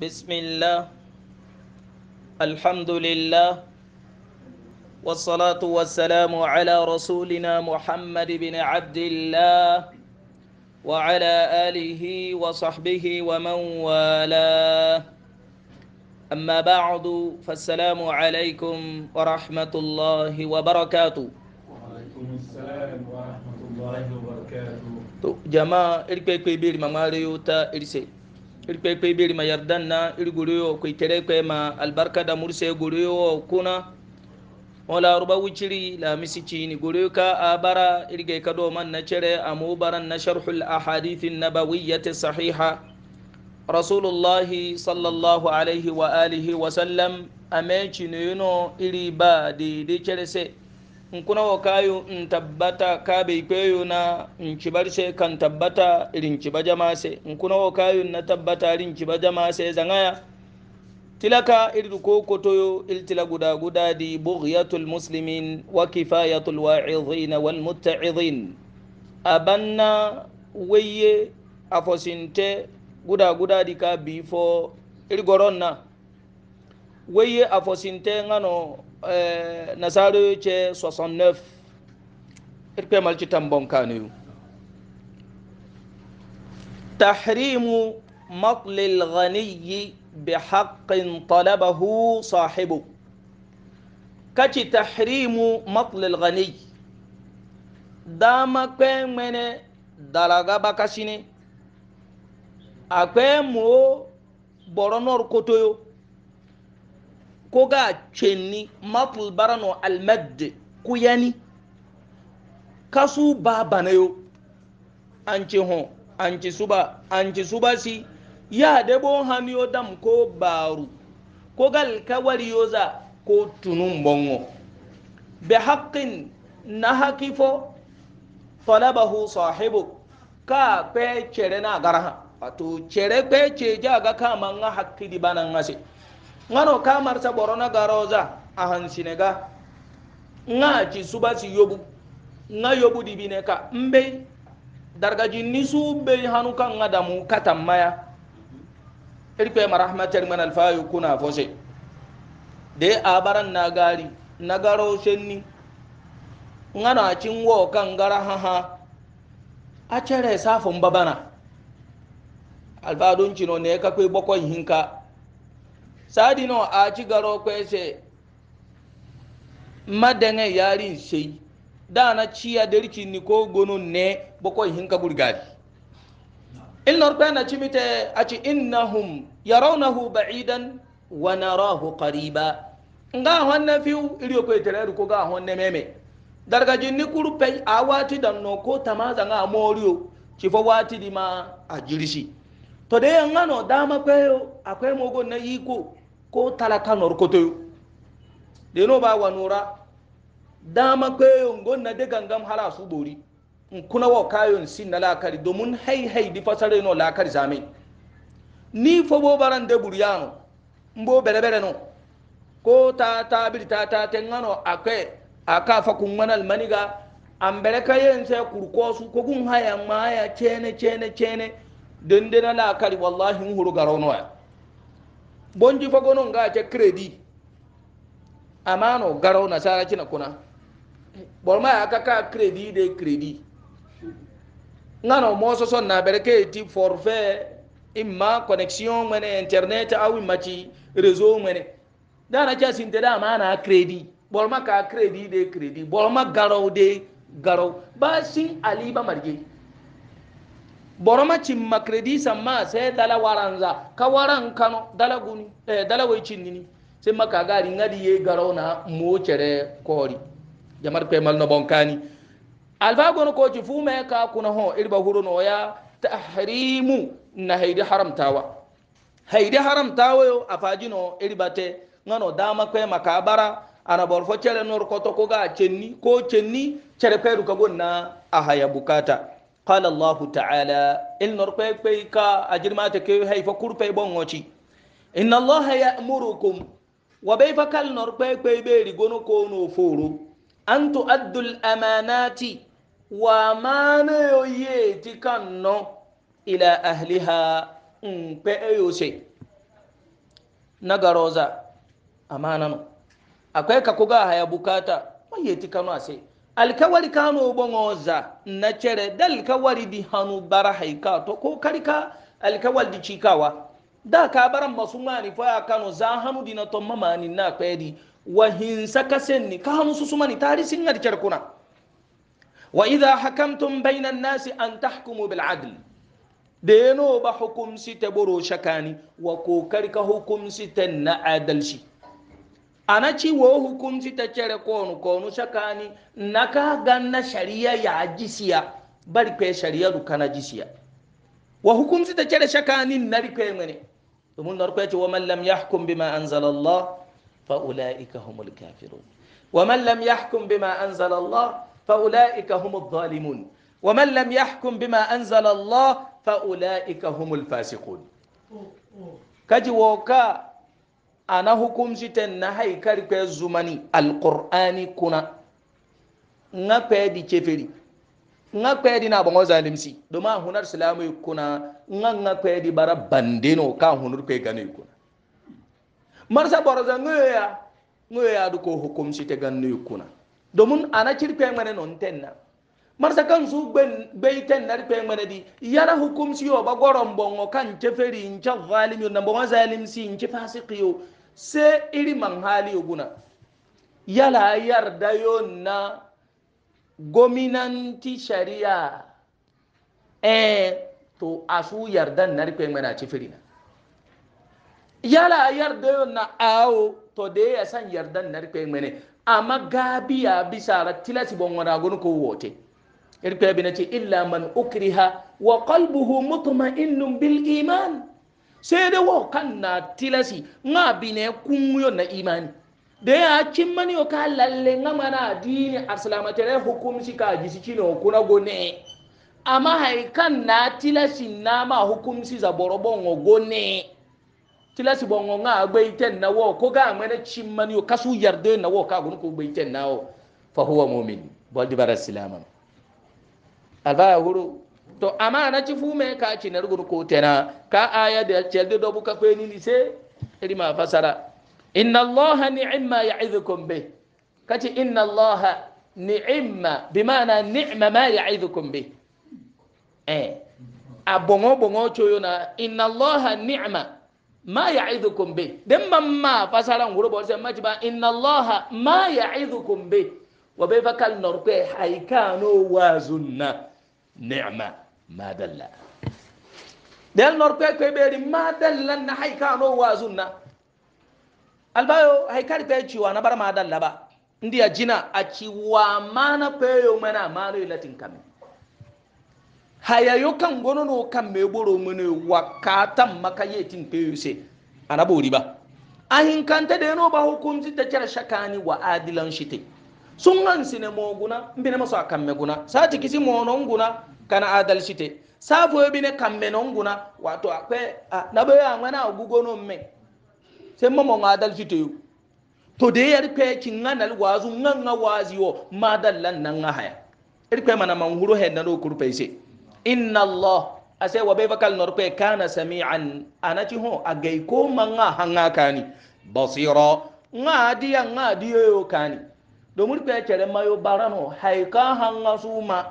بسم الله الحمد لله والصلاة والسلام على رسولنا محمد بن عبد الله وعلى آله وصحبه ومن والاه أما بعد فالسلام عليكم ورحمة الله وبركاته وعليكم السلام ورحمة الله وبركاته جماعة إلقى كبير مماريوتا إلسي irkwe beri ma yardan na irguriyo kwe tere kwe ma albarka da murse guriyo kuna wala ruba wuciri la misici ni guriyo ka a bara irge ka doman na cire a mubaran na sharhul ahadithin nabawiyyati sahiha rasulullahi sallallahu alaihi wa alihi wa sallam a meci ne iri ba daidai cire sai nkuna wo kayu ntabbata kabe ikweyu na nchibarise kan tabbata iri nchiba jamase nkuna wo kayu na tabbata iri nchiba jamase zangaya tilaka iri ruko kotoyo iri tila guda guda di bughyatu lmuslimin wa kifayatu lwaidhina walmutaidhin abanna weye afosinte guda guda di ka bifo iri goronna weye afosinte ngano Eh, nasaro ce 69 irpe malci tambon kanu tahrimu maqlil ghaniyyi bi haqqin talabahu sahibu kaci tahrimu maqlil ghaniyyi dama kwe mene dalaga bakashini akwe mo boronor kotoyo Koga ga cenni matul barano almadde kuyani kasu ba banayo an ci ho an ci suba an suba si ya debo haniyo dam ko baru ko gal kawariyo za ko tunun bongo bi haqqin na hakifo talabahu sahibu ka pe cere na garaha wato cere pe ce ja ga kama nga hakki di banan ngase ngano ka marsa borona garoza ahan sinega nga ci suba si yobu nga yobu dibine ka mbe dargaji nisu be hanu kan nga damu katammaya irpe marahmatar man alfayu kuna fose de abaran na gari na garo shenni ngana cin wo kan gara haha a cere safin babana alfadun cino ne ka kwe bakon hinka sadino a ci garo kwese madanga yarin sai dana ciya dirki ni ko gonun ne bako hinka gurgari in norpe na ci mite a ci innahum yarawnahu ba'idan wa narahu qariba nga honna fiu iriyo ko tere ko ga honne meme darga jinni kurpe a wati danno ko tamaza nga moriyo ci fo wati di ma a jirishi to de ngano dama kwayo akwai mogon na iko ko talaka norkotoyo deno ba wanura dama kweyon gonna de gangam hala su bori kuna wa kayon sin na lakari domin hai hai di fasare no lakari zame ni fo bo baran de buryano mbo bere bere no ko ta ta bir ta ta tengano akwe aka fa kun manal maniga ambere kayen sai kurko su ko gun haya ma ya chene chene chene dindina lakari wallahi huru garono ya bonji fagono nga ce kredi amano garau nasara kina kuna borma aka ka kredi de kredi ngano moso son na berke ti forfait imma connexion mene internet awi machi réseau mene na cha sinte da amana kredi borma ka kredi de kredi borma garau de garau ba sin ali ba marge boroma cimma kredi samma sai dala waranza ka waran kano dala guni eh, dala wai cinnini sai maka gari ngadi ye garona mo cere kori jamar kwe mal no bonkani alfa gono ko ci fume ka kuna ho irba huru no ya tahrimu na haidi haramtawa haidi tawa yo afajino irbate ngano dama kwe makabara ana borfo cere nor koto ko ga cenni ko cenni cere kweru ka gonna a bukata qala allahu ta'ala il nor pe pe ka ajirma te ke hay fo kurpe bon ngoci inna allaha ya'murukum wa bay fa kal nor pe pe be ri gono ko no foro an tu'addu al amanati wa mana yo ye ti kanno ila ahliha in pe yo se nagaroza amana no akwai ka kuga haya bukata wa ye ti kanu ase alkawari kano bongoza na cere da alkawari di hanu bara haika to ko karika alkawal di chikawa da ka baran masu fa kano za hannu di na to mamani na kwedi wa hinsa kasen ni ka hannu su tari sin ga dicar wa idha hakamtum bainan nasi an tahkumu bil adl deno ba hukum si boro shakani wa ko karika hukum si na adalci anachi wo hukunci ta cere konu konu shakani naka ganna shari'a ya ajisia bali kwe shari'a dukana jisiya wa hukunci ta shakani nari kwe mwene domin nar chwa man lam yahkum bima anzala Allah fa ulaika humul kafirun wa man lam yahkum bima anzala Allah fa ulaika humul dhalimun wa man lam yahkum bima anzala Allah fa ulaika humul fasikun kaji woka ana hukumsiten na haikari kwa zumani alqur'ani kuna nga kwe di keferi nga kwe di na bango zalimsi doma hunar salamu kuna nga nga kwe di bara bandeno ka hunur kwe gane kuna marsa boroza ngoya ngoya du ko hukumsite ganne kuna domin ana kirkwe mane non tenna marsa kan su gbeitan na rufe mana di yara hukumci yo ba goron bongo kan keferi in ke zalimi na bongo zalimsi in ke fasiki sai iri man hali guna yala yarda na gominanti shari'a eh to asu yardan na rufe mana ci firina yala yarda na awo to da ya san yardan na rufe mana amma gabiya bisa rattilati bon wada gun ko wote irpe bi na ce illa man ukriha wa qalbuhu mutma'innun bil iman sai dai wa kan na tilasi nga bine kunyo na imani da ya cin mani o ka lalle nga mana dini aslamatere hukumci ka jisi kino kuna gone amma hai kan na tilasi na ma hukumci za borobon o gone tilasi bongo nga gbeiten na wo ko ga mana cin mani o kasu yarde na wo ka gun ko gbeiten na wo fa huwa mu'min bal dibara silama alba huru to amana ci fume ka ci nargun ko tena ka aya da celde do buka ko ni lise iri ma fasara inna allaha ni'ma ya'idhukum bih kace inna allaha ni'ma bimana ni'ma ma ya'idhukum bih eh a bongo bongo choyo na inna allaha ni'ma ma ya'idhukum bih dem mamma fasara nguro bo se majiba inna allaha ma ya'idhukum bih wa bai fakal norpe haikano wazunna ni'ma madalla del nor kwe kwe beri madalla na haika no wazun na albayo haikari pe ciwa na bar madalla ba ndi ya jina a ciwa mana pe yo mana malo latin kame hayayo kan gono no kan me boro mene wakatan maka yetin pe yo se anabori ba ahin kanta de no ba hukunci ta cara shakani wa adilan shite sungan sine moguna mbine maso a kamme guna sati kisi monon guna kana adalcite safo bine kamme non guna wato akwe a nabe a ngana ogugo no me sai mamo nga adalcite yu to de yar pe kinga nal wazu nganga wazi wo madallan nan nga haya ir pe mana man huro hen nalo kurpe se inna allah ase wabe bakal norpe kana sami'an anati ho agai ko manga hanga kani basira nga dia nga dia yo kani domin kwe cere mayo barano haika hanga su ma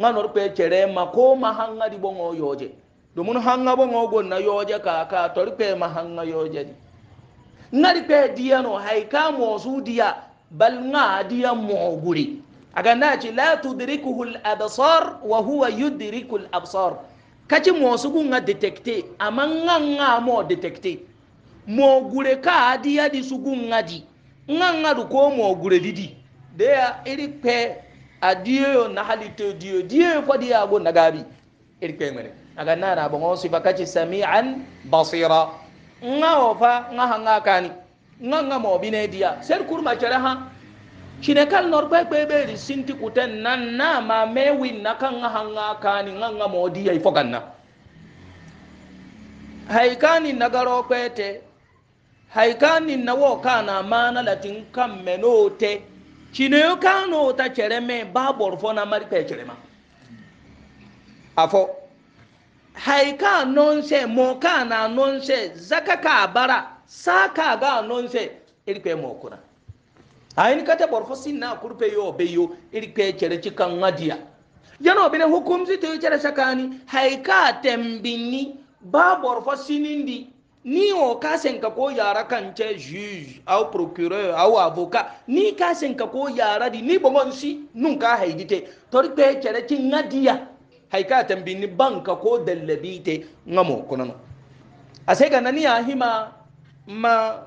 nganor kwe cere ma ko ma hanga di bongo yoje domin hanga bongo gonna yoje ka ka tor kwe ma hanga yoje di ngari kwe diya no haika mo su diya bal nga diya mo guri aga na ci la tudrikuhu al absar wa huwa yudriku al absar kaci mo su gunga detecte amma nga nga mo detecte mo gure ka diya di su gunga di nga nga du ko mo gure didi deya iri kpe a diyo na halite diyo diyo ko diya go nagabi iri kpe ngene aga nana bongo si bakachi sami'an basira nga ofa nga hanga kani nga nga mo bine diya ser kurma chere ha cinekal nor kpe kpe beri sinti kuten nan na ma mewi na kan nga hanga kani nga nga mo diya ifoganna haikani garo kwete haikani nawo kana mana latin kan menote cineyo kano ta cere me ba borfo na mari pe cere ma afo haika nonse moka na nonse zaka ka bara saka ga nonse irpe mokuna ayin kata borfo sinna kurpe yo beyo irpe cere cikan ngadiya yana obine hukumzi to cere sakani haika tembini ba borfo sinindi ni o ka senka ko yara kan ce juge au procureur au avocat ni ka senka ko yara di ni bongon si nun ka haidite torpe kere kin nadiya haika ni banka ko dallabite ngamo konono ase ga nani ya hima ma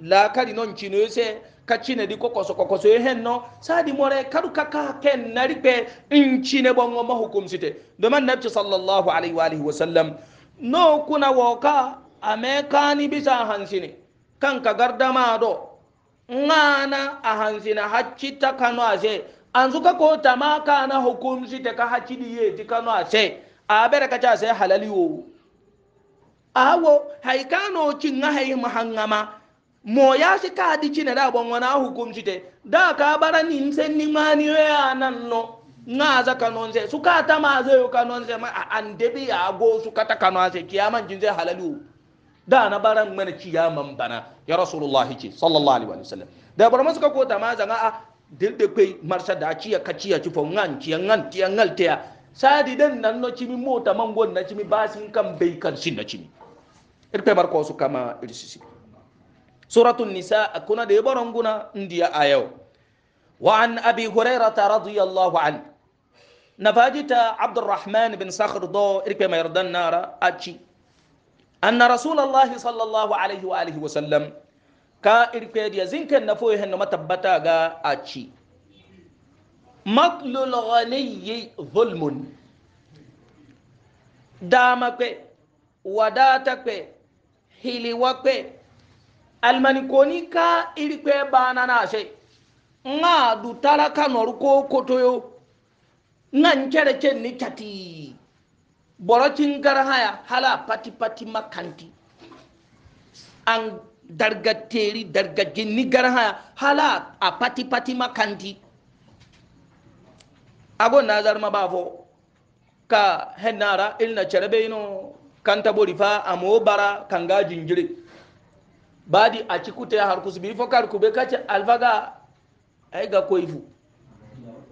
la kari non chino se ka chine di kokoso kokoso e hen no sadi more karu kaka ken naripe in chine bongo mahukum site do man nabi sallallahu alaihi wa alihi wasallam no kuna woka ame kani bisa hansine kanka gardama do ngana a hansina hacci ta kano ase anzu ka ko tama kana hukumsi te ka hacci diye ti kano ase a bere ka ca ase halali wo awo hay kano cinga hay mahangama mo ya si ka di cine da bon wana hukumsi te da ka bara nin sen ni mani we anan no nga za kano se su ka tama ze yo kano se ma an debi ya go su kata kano ase kiyaman jin halali wo da na baran mana kiyaman bana ya, ya rasulullahi ce sallallahu alaihi wasallam. da bar masu ko ta ma zanga a ah, de kai marsa da ciya ka ci ya, fo ngan ciya ngan ciya ngal tiya sadi den nan no cimi mota man gon na cimi basin kan bai kan sin na cimi irpe bar ko su kama irsisi suratul nisa akuna da baron guna ndiya ayo wa an abi hurairah radiyallahu anhu nafajita abdurrahman bin sakhr do irpe mayardan nara aci anna rasulallahi sallallahu alaihi wa alihi wasallam ka irpediya zinken na foyo hen matabbata ga a ci matlul ghaniyyi zulmun dama kwe wadata kwe hiliwa kwe almanikoni ka irikwe bana na she nga du talaka noru ko kotoyo nga nchere ni chati borocin garhaya hala pati pati makanti an dargateri dargajinni garhaya hala a pati pati makanti ago nazar ma ba ka hennara ilna cerebe ino kanta bori fa amo bara kanga jingire badi a cikute har kusbi fo kar kube kace alfaga ay ga koifu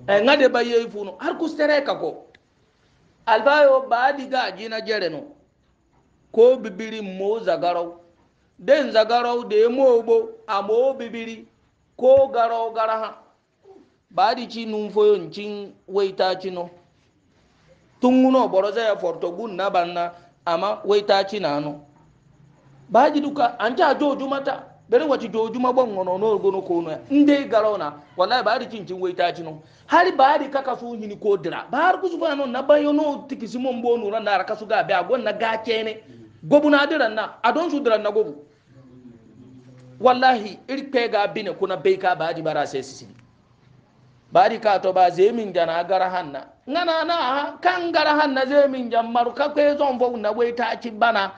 ay eh, ngade baye ifuno har kustere ka ko alfayo ba diga jina jere ko bibiri mo zagarau den zagarau de ya mobo amo bibiri ko garo garaha ba di ci numfoyon cin waita cino tun wuno boro zai na banna ama weita cina no ba duka an ta joju mata dare wati dojuma bon ngono no gono ko no inde garona wallahi bari cincin waita cinu har bari kaka su hini ko dira bar ku su bano na bayo no tikisi mon bonu ran na rakasu ga be agon na ga cene gobu na diran na adon su diran na gobu wallahi irpe ga bine kuna beika bari bara sai sisi bari ka to ba zemin jana gara hanna ngana na kan gara hanna zemin jammaru ka kwe zon bo na waita ci bana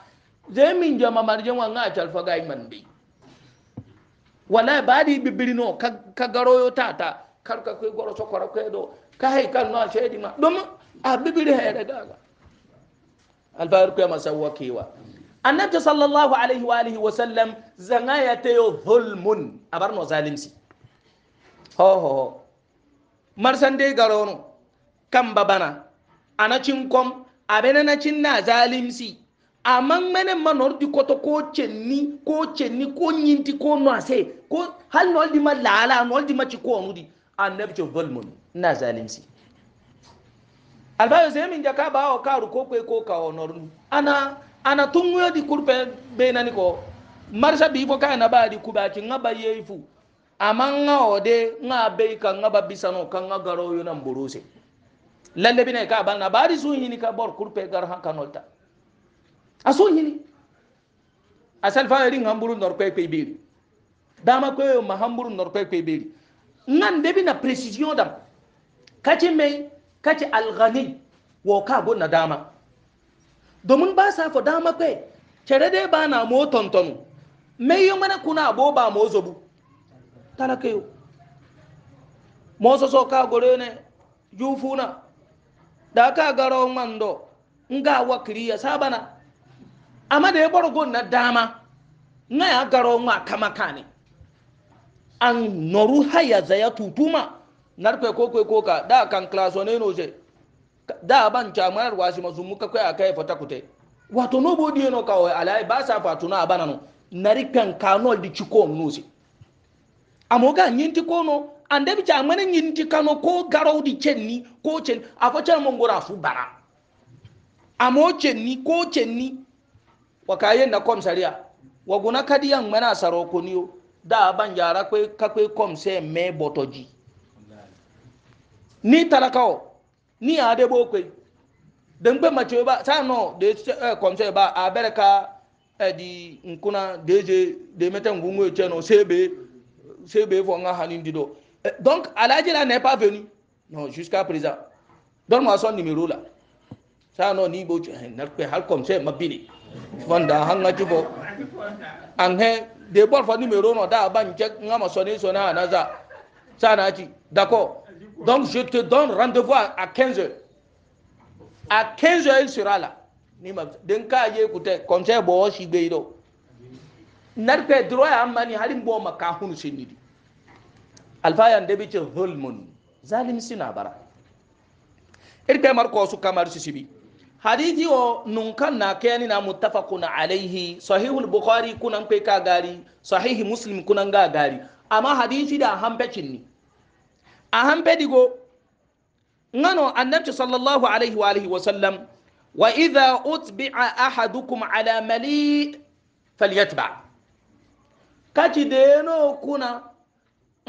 zemin jama marjan wa nga jalfa ga iman bi wala badi bibirino ka garoyo tata kar ka kai goro sokora kai do ka hay kal no shedi ma dum a bibiri hayre daga albar kai masa wakewa annabi sallallahu alaihi wa alihi wa sallam zanga ya tayo zulmun abar no zalimsi ho ho ho marsan dai garono kan babana ana cin kom abena na cin na zalimsi amma mene manor di koto ko cenni ko cenni ko nyinti ko no ase ko hal nol di ma lala nol di ma ci ko nudi annabi ci zulmun na zalimsi albayo zemin jaka bawo karu ko kwe ko ka onorun ana ana tunguyo di kurpe benani ko marsa bi fo kana ba di kubaki ngaba yeifu amma nga ode nga bei ka nga babisano ka nga garo yo nan borose lalle bine ka ban na bari sun hini ka bor kurpe gar han kanolta asun hini asal fa ring hamburu nor kwe kwe biri dama kweyo mahamburu norpe kwe beri nan debi na precision dam kace mai kace alghani wo ka go na dama domun ba sa fa dama kwe kere dai ba na mo tontonu me yo mana kuna abo ba mo zobu talaka yo mo so so ka gore ne yufuna da ka garo mando nga wakiri sabana amade da ya na dama nga ya garo ma kama kane an noru haya zaya tutuma narpe ko ko ko ka da kan klaso ne noje da ban chamanar wasi mazu muka kai akai fata kute wato no bodi no kawo alai ba sa fatuna abana no nari kan kanol di chiko nusi amoga nyinti kono ande bi chamana nyinti kano ko garo di chenni ko chen afa mongora fu bara amo chenni ko chenni wakaye na komsaria waguna kadiyan mana saroko niyo da banjara kwe kakwe komse me botoji ni talakawo ni adebo kwe da mgbe mace ba ta no da ya eh, komse ba a bere ka eh, di nkuna da eje da emete ngungu eche no sebe sebe fo nga hani ndido eh, donc alaji la n'est pas venu non jusqu'à présent donne moi son numéro là ta no ni bo na kwe har komse mabini fanda hanga jubo an he de bor fa numéro no da ban je ngama sonné sona anaza ça na ti d'accord donc je te donne rendez-vous à 15 heures. à 15 heures, il sera là ni ma den ka ye kute conseil bo shi be do narpe droit amani harim bo maka hunu sinidi alfayan de bice hulmun zalim sina bara irpe mar ko su kamar sisibi hadiji o nunkan na keni na muttafaqun alaihi sahihul bukhari kunan kai ka gari sahihi muslim kunan ga gari amma hadiji da hanbecin ni a hanbedigo ngano annabci sallallahu alaihi wa alihi wa sallam wa idha utbi'a ahadukum ala mali falyatba kaci deno kuna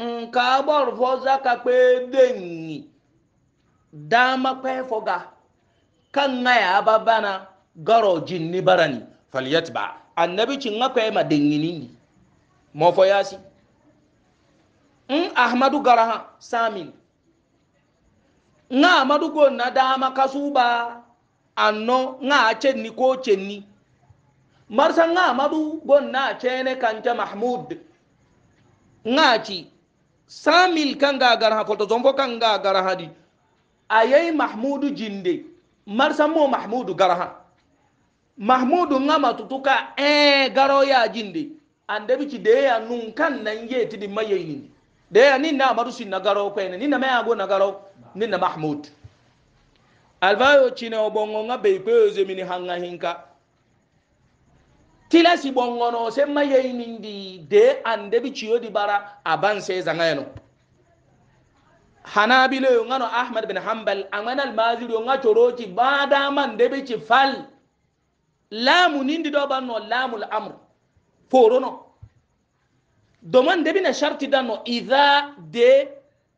nka bor fo zaka pe denyi dama pe foga kan ngaya babana garo jinni barani falyatba annabi cin ngakwe ma dengini ni mo foyasi in ahmadu garaha samin nga amadu go na dama kasuba anno nga chenni ko chenni marsa nga amadu go na chene kanta mahmud nga ci samil kanga garaha foto zombo kanga garaha di ayai mahmudu jinde marsa mo mahmudu garaha mahmudu ngama tutuka e eh, garo ya jindi ande bici de ya nun kan nan ye tidi maye ni de ya ninna amaru sin nagaro ko ni na maya go nagaro ninna mahmud alvayo chine obongo nga be ko zemini hanga hinka tilasi bongo no se maye ni ndi de ande bici yodi bara abanse se zangayeno hanabila yo ngano ahmad bin hanbal angana almaziri yo nga coroci badaman debe ci fal lamu nindi do banno lamul amr forono doman debi na sharti dano ida de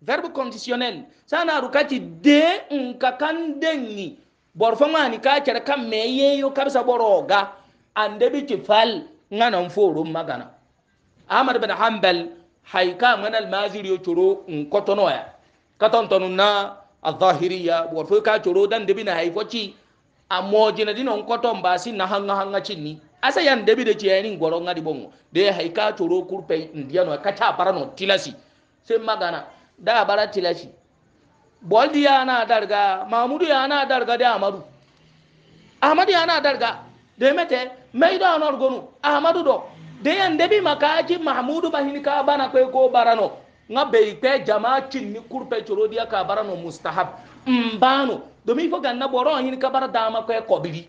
verbe conditionnel sana rukati de nka kan dengi borfama ni ka kere kan meye yo kabisa boroga andebi ci fal ngana forum magana ahmad bin hanbal haika ngana almaziri yo coro nkotono katon tonu na adh-dhahiriyya wa ka choro dan debi na haifo ci di na dinon koton ba sin na hanga hanga cinni asa yan debi de ci yanin goro ngadi bongo de haika choro kurpe ndiano ka ta barano tilasi sai magana da bara tilasi boldi yana darga mamudu yana darga de amadu amadu yana darga de mete meido anor gonu amadu do de yan debi makaji mahmudu bahini ka bana ko ko barano nga bai kwe jama'a cin ni kurpe coro dia ka bara no mustahab mbano domi fo na boro yin ka bara dama kwe kobiri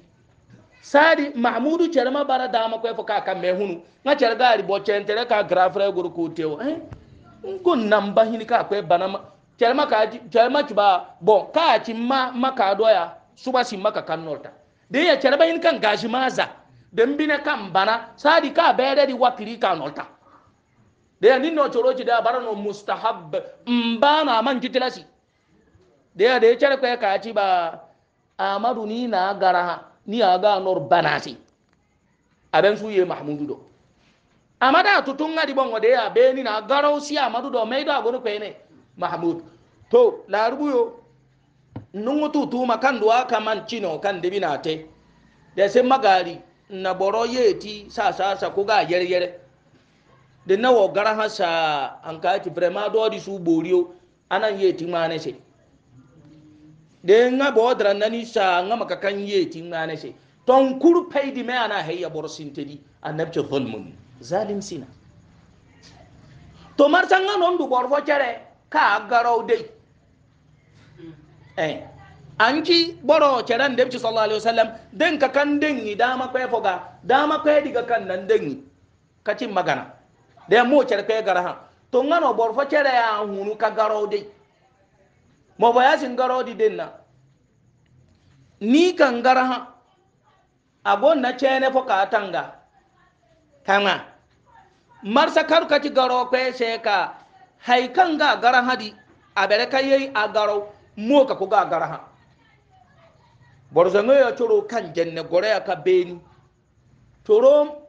sadi mahmudu cere bara dama kwe fo ka ka mehunu nga cere gari bo centere ka grafre guru ko tewo eh ngon namba hin ka kwe bana ma cere ma ka cere ma ba bon ka ci ma maka doya suba si maka kanolta de ya cere ba yin kan gashi maza dembine kan bana sadi ka bere di wakiri kanolta de ni no choro chida no mustahab mbana man kitilasi de de chere ko ka ci ba amadu ni na garaha ni aga nor banasi aben suye mahmudu do amada tutunga di bongo de abe ni na garo si amadu do meido agonu ko ene mahmud to larubu yo nungu tutu makan dua kaman chino kan debinate de se magari na boro yeti sa sa sa ko ga yere yere de na wo gara ha sa an ka ti vraiment do di su boriyo anan ye ti mane se de nga bo dra nani sa nga maka kan ye ti mane se ton kuru pay di me ana hayya bor sintedi annab ce zulmun zalim sina to mar sanga non du bor fo cere ka garo dei eh anki boro ceren de ci sallallahu alaihi wasallam den ka kan den ni dama kwe foga dama kwe diga kan nan den magana de mo cer pe gara ha to ngano bor fo cere ya hunu ka garo de mo baya sin garo di denna ni kan gara ha agon na cene fo ka tanga kama marsa kar ka ci garo pe se ka hay kan ga gara ha di abere ka yei a garo mo ka ko ga gara ha bor zango ya coro kan jenne gore ya ka beni torom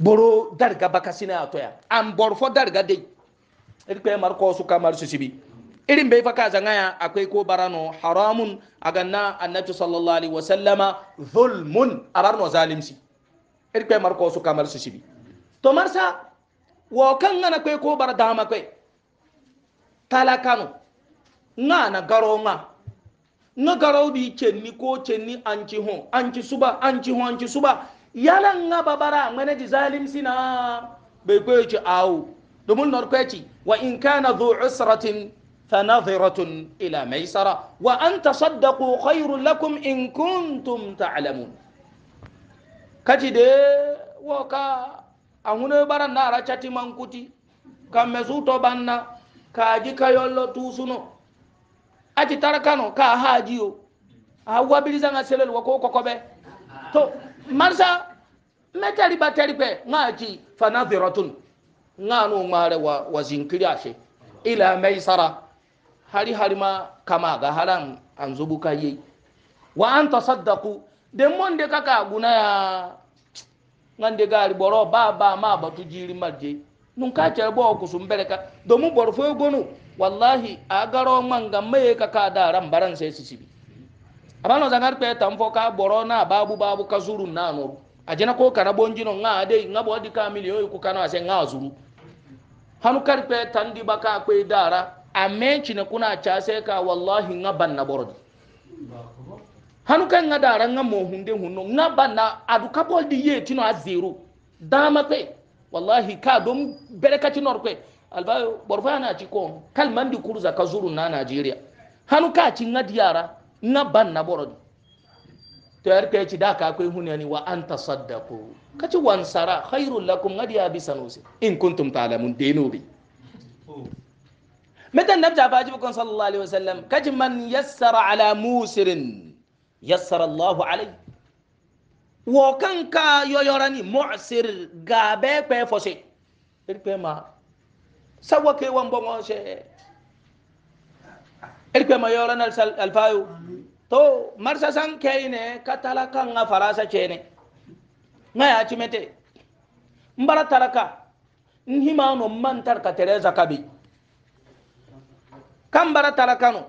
boro dariga bakasi bakasina atoya an bor dariga de iri irpe mar ko su kamar iri sibi irin bai faka zangaya akwai ko barano haramun aganna annabi sallallahu alaihi wasallama zulmun ararno zalimsi irpe mar ko su kamar su sibi to marsa wo kan ngana kwai ko bar dama kwai talakano nga na garo nga nga garo di chenni ko chenni anci ho anci suba anci ho anci suba yala nga babara ngane ji zalim sina bai kwaye ci awo domin narkwaci wa in kana zu usratin fanadhiratun ila maisara wa an tasaddaqu khairul lakum in kuntum ta'lamun kaci de wo ka angune bara nara mankuti kamme suto banna kaji kayollo tusuno aci tarakano ka hajiyo a wabilisanga selel kokobe to marsa metari batari pe ngaji fanadhiratun nganu ngare wa wazinkiri ashe ila maisara hari hari ma kama ga haram an zubuka yi wa an tasaddaqu de monde kaka guna ya ngande gari boro baba ma batu jiri marje nun ka ce bo ku sun bereka domin borfo gonu wallahi a garo manga mai kaka da ran baran sai su sibi abano zangar pe tamfo ka borona babu babu kazuru nanuru ajena ko kana bonjino nga ade nga bodi ka miliyo ku kana ase nga azuru hanu kar pe tandi baka ko idara amenchi ne kuna cha se ka wallahi nga banna borodi hanu kan nga dara nga mo hunde hunno nga banna aduka boldi yeti no azero dama pe wallahi ka dom berekati nor pe albayo na ci ko kalmandi kurza kazuru na Nigeria hanu ka ci nga diara na ban na boro to yar kai ci da ka akwai hunya ni wa anta saddaku kaci wansara khairul lakum ngadi ya bi sanusi in kuntum ta'lamun denobi metan nabja baji bukon sallallahu alaihi wasallam kaji man yassara ala musirin yassara Allahu alaihi wo kanka yoyorani mu'sir gabe pe fose irpe ma sawa wan bongo she irkwe mayoran alfayo to marsa san kai ne ka nga farasa ce ne nga ya ci mete mbara taraka nhima no mantar ka tereza kabi kan bara taraka no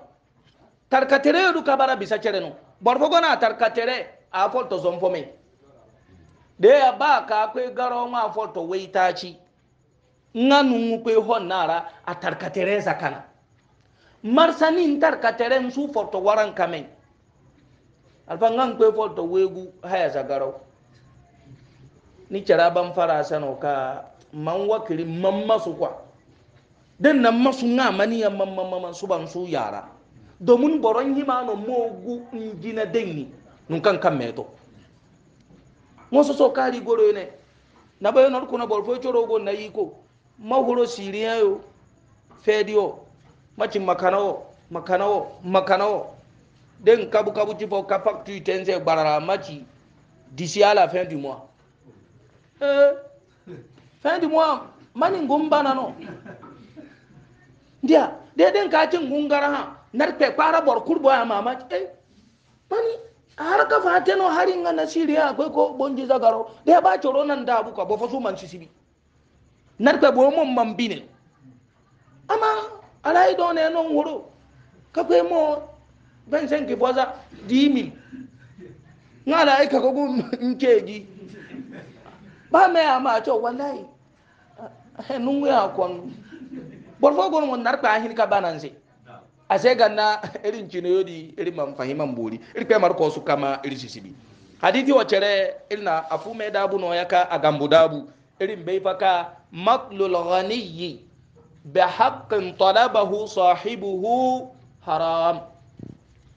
tarka tere du ka bara bisa cere no borfo gona tarka tere a folto zonfo me de ya ba ka kwe garo ma folto weitachi nga nungu kwe honnara a tarka tereza kana marsani ntar katerem su forto waran kamen alfa ngan kwe forto wegu haya zagarau ni cara ban fara sano ka man wakili man masu kwa den nan masu nga mani ya man man man su ban su yara domin boron hima no mogu ngina denni nun kan kan meto ngoso so kari goro ne na bayo nor kuna borfo choro go na yiko mahuro siriya yo fedio maci makanawo makanawo makanawo den kabu kabu ci fo ka facture tense gbarara maci d'ici à la fin du mois eh, fin du mois mani ngumbana no ndia de den ka ci ngungara ha nar pe kwara bor kurbo ya mama eh mani har ka fate no hari nga na siriya akwai ko bonji zagaro de ba coro nan da abuka bo fa su man sisibi nar pe bo mon mambine ama ala yi dɔn na yɛn nɔn woro kakpe mo bɛnsɛn ke bɔza diimi nga ala yi ka ko kakogo nkeegi ba mɛ a ma cɔ walayi eh, nungu y'a kɔn bɔrɔfɔ kɔni mo nari kpɛ a hini ka ba na nse a se ganna eri ncini yo di eri ma man fahima mbori eri kpɛ mari kɔsu kama eri sisibi hadithi wa cɛrɛ eri na a fu mɛ daabu nɔya ka a gambo daabu eri mbɛ ifa ka makulolɔgɔni yi bihaqqin talabahu sahibuhu haram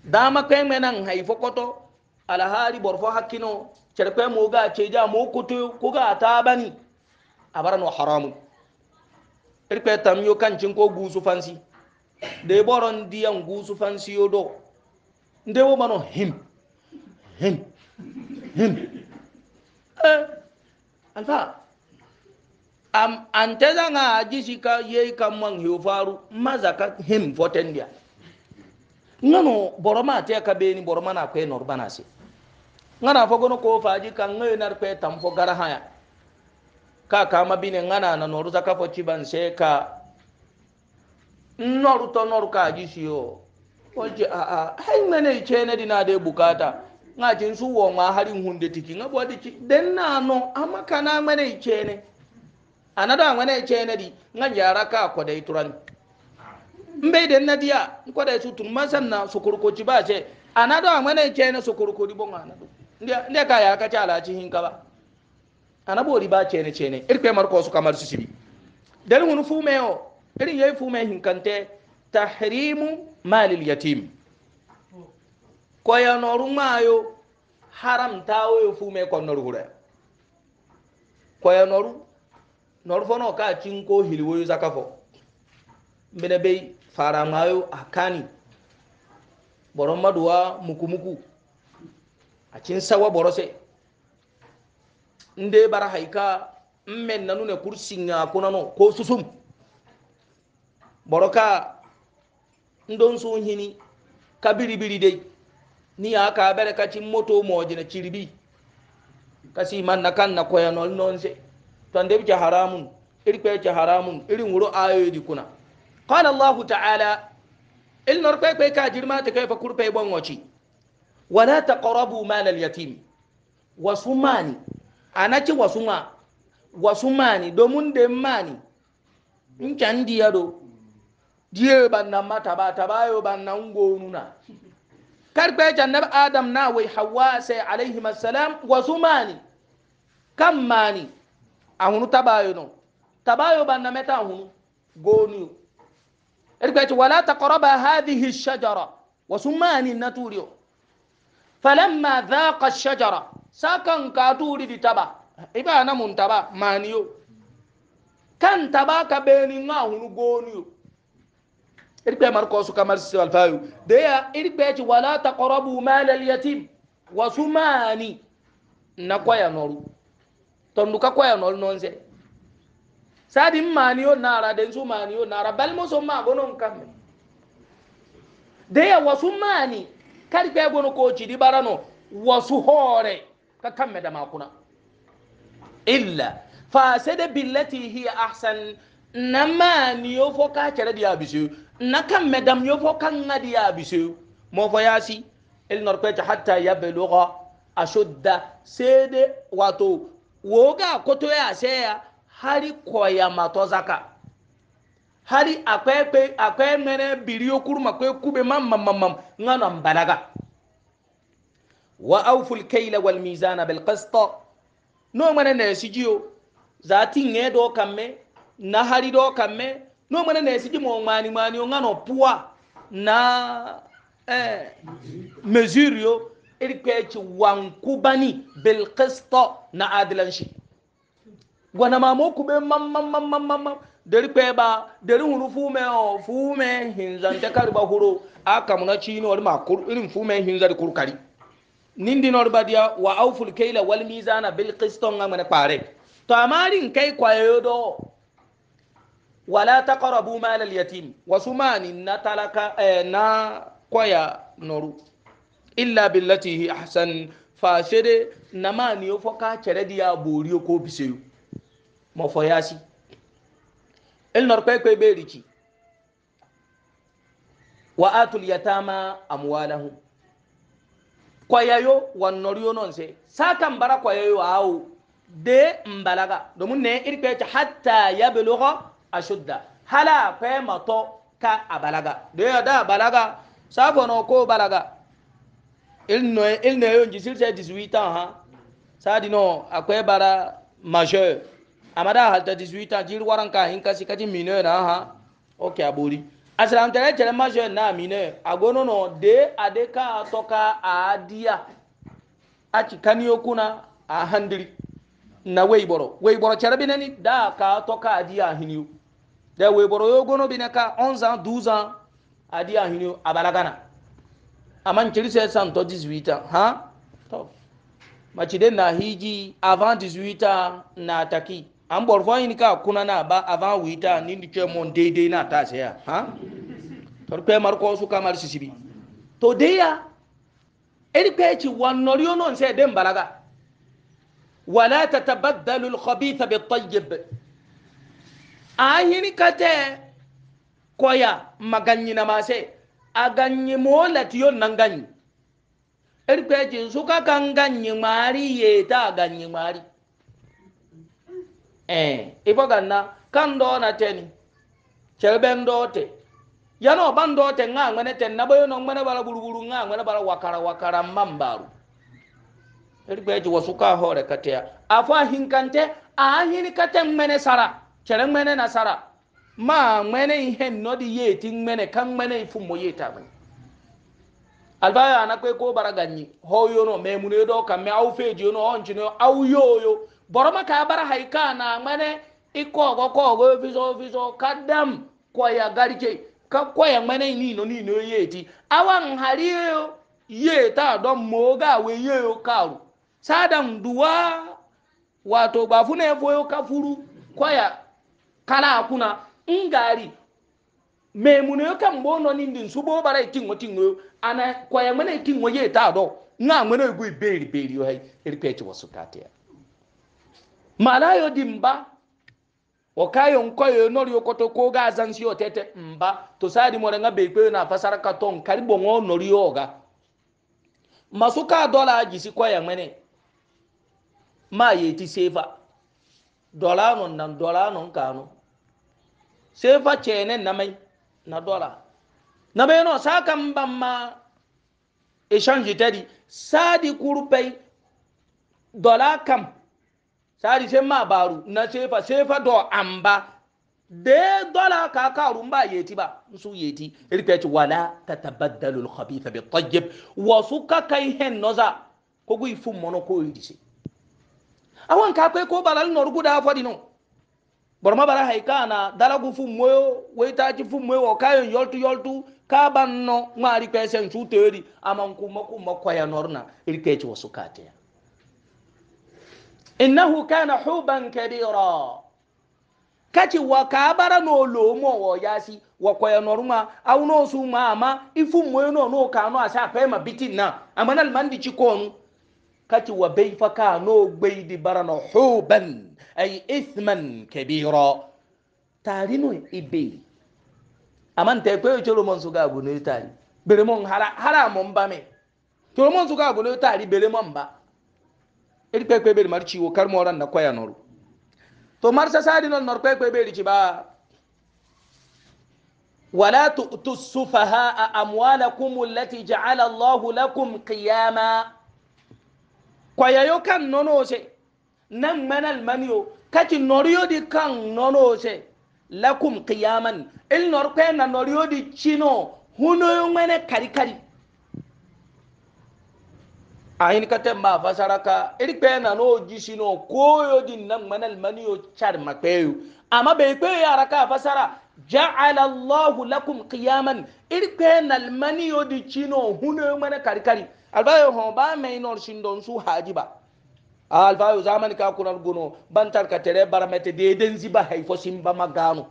dama kai menan haifo koto alhari borfo hakkino cerkwe mu ga ceja mu kutu kuga ta bani abaran wa haramun irkwe tamyo kancin ko gusu fansi da boron diyan gusu fansi yodo nde wo mano him him him eh alfa am ante zanga ajisi ka ye kam man hiyo faru maza ka him foten dia ngano boroma te ka be ni boroma na kwe norbana se ngana fogono ko faji kan ngai nar kwe tam fo gara haya ka kama bine ngana na noru zaka fo chiban se ka noru to noru ka ajisi yo waje a a hai mene chene dina de bukata ngajin su wo ma harin hunde tiki ngabo diki den na no amaka na mene chene anada ngane chene di ngan yara ka ko dai turan mbe de nadia ko dai su tun masan na sukuru ko ci ba ce anada ngane eh, chene eh, sukuru ko di bonga anado ndia ndia ka ya ka ci ala ci hin ka ba anabo ri ba chene eh, chene irpe mar ko su kamar su sibi dalin wani fume o irin yayi fume hinkante tahrimu malil yatim ko ya noru mayo haram tawo yo me ko noru hura ko ya noru norfono ka cinko hilwoyo zakafo mbene bei faramayo akani boron maduwa mukumuku a cin sawa borose nde bara haika mmen nanu ne kursin ya kunano ko susum boroka ndon sun hini kabiribiri dai ni aka bere kacin moto mojina cirbi kasi man na kan na koyanol non se tande bi haramun iri kwe ce haramun irin wuro ayoyi kuna qala allah ta'ala il nor kwe kwe ka jirma ta kai fa kurpe bon waci wala taqrabu mal al yatim wasumani anaci wasuma wasumani domin da mani in can diya do diye banna mata ba ta bayo banna ngonuna karbe jannab adam na wai hawa sai alaihi salam wasumani kan mani ahunu tabayo no tabayo ba na meta ahunu goni erikati wala taqraba hadhihi ash-shajara wasumani naturiyo falamma dhaqa ash-shajara sakan katuri di taba iba na mun taba maniyo kan taba ka beni nga ahunu goniyo irikpe marko su kamar su alfayu da ya wala taqrabu mal al-yatim wasumani na kwaya noru tonduka ka koya nol nonse sadi maniyo nara den su maniyo nara bal mo so ma gonon kamme de ya wasu mani kar pe gono ko di barano wasu hore ka kamme da makuna illa fasede billati hiya ahsan na maniyo fo ka kere dia bisu na kamme dam yo fo kan na dia bisu mo fo yasi il norpe hatta yabluga ashudda sede wato woga koto ya seya hali koya matozaka hali akwepe akwe mene biliyo kuruma kwe kube mamma mamma ngana mbalaga wa awful kayla wal mizana bil qist no mene ne sijiyo zati nge do kamme na hali do kamme no mene ne siji mo mani mani ngano puwa na eh mesure yo irkeci wankubani bilkisto na adilanshi gwana mamo kube mamamamamamam dari kweba dari huru fume o fume hinzan ta karba huru aka muna ci ni wani makur irin fume hinzar kurkari nindi nor badia wa auful kaila wal mizana bil qiston ngamana pare to amarin kai kwayo do wala taqrabu mal al yatim wasumani na talaka eh, na kwaya noru illa billati ahsan fa shede namani yo foka chere di ya bori ko biseyo mo fo yasi el nor pe pe beriki wa atul yatama amwalahum kwayayo wan noriyo non se sakan bara kwayayo awo de mbalaga domin ne irpe ta hatta yablugha ashudda hala pe mato ka abalaga de ya da balaga sabono ko balaga il ne yon jisil se 18 ans hein. Ça dit non, à quoi est bara majeur amada halta 18 ans jil waran ka hinka si kati mineur ha ha ok abori asram tere tere majeur na mineur agono no de adeka atoka adia achi kaniyo kuna a handiri na weiboro weiboro tere binani da ka atoka adia hiniyo da weiboro yogono binaka 11 ans 12 ans adia hiniyo abalagana amma kirse san to this wita ha to macide na hiji avant this wita na taki an borfon yin ka kuna na ba avant wita ni dike mon daidai na ta saya ha torpe marko su kamar sisibi to deya eri pe ci wannori ono se den balaga wala tatabaddalu al-khabitha bit kate koya maganyina mase a ganye molati yon nan ganye irpejin suka kan ganye mari ye ta ganye mari eh ibo ganna kan do na teni chelben do te yano ban do te nga ngane ten na boyo no ngane bala bulubulu nga ngane bala wakara wakara mambaru irpeji wasuka hore katea afa hinkante a hinkate mene sara chele mene na sara ma ŋmene ihe nodi yeti ŋmene kan ŋmene ifu mo yeta ŋmene albaya ana kwe ko bara ganyi hoyo no me mune do ka me au feji no onchi no au yoyo boroma ka bara haika na ŋmene ikogo kogo viso viso kadam kwa ya garike ka kwa ya ŋmene nino nino yeti awan hariyo yeta don moga we yeyo karu sadan duwa wato ba fune foyo kafuru kwaya kana kuna ngari memune yo kam bono nindi nsubo bara itingo tingo ana kwa ya mwana itingo ye tado nga mwana yugui beri beri yo hai ilikuechi wasukate ya malayo dimba wakayo nkoyo nori yokoto koga azansi yo tete mba tosadi mwore nga beikweyo na fasara katon karibo ngo nori yoga masuka dola ajisi kwa ya mwana ma sefa dọla dola non dọla dola non kano sai fa cene namai na dola e na bai no sakan ban ma exchange tadi sadi kurpai dola kam sadi sai ma baru na sefa sefa do amba de dola ka karu ba yeti ba su yeti irpe ci wala tatabaddalu al-khabitha bit-tayyib wa suka kai hen noza ko gui fun mono ko yidi awan ka ko balal no ruguda fodi no boroma bara haikana dalagu fu moyo weitaci fu moyo kayon yoltu yoltu ka banno ŋari kpesen cuteri aman kuma kuma koyanorna iri keci wasu kateya innahu kana huban kabira kaci wa ka bara no lomo wo yasi wa koyanorma aw no su ma ama ifu moyo no no kano asa pema bitin na amanal mandi ci konu wa bei no gbeidi bara no huban أي إثما كبيرا تارينو إبي أمان تكوي تلو من سوغا بنو تاري برمون هلا هلا مبامي تلو من سوغا بنو تاري برمون با إلي كوي كوي برمار تشيو كرمورا نكوي نورو تو مرسا سادي نور نور كوي كوي بري تشيبا ولا تؤتوا السفهاء أموالكم التي جعل الله لكم قياما kwayayo kan nono se nan manal maniyo kati noriyo di kan nono se lakum qiyaman il nor kwe na noriyo di chino huno yo mene kari kari ahin kate ma fasaraka il kwe na no jisino koyo di nan manal maniyo char makweyo amma bai kwe yara ka fasara ja'ala Allahu lakum qiyaman il na maniyo di chino huno yo kari kari albayo ho ba mai nor shindon su hajiba alfayo zamani ka kunar guno ban tarkatere baramete deden ziba haifo simba magano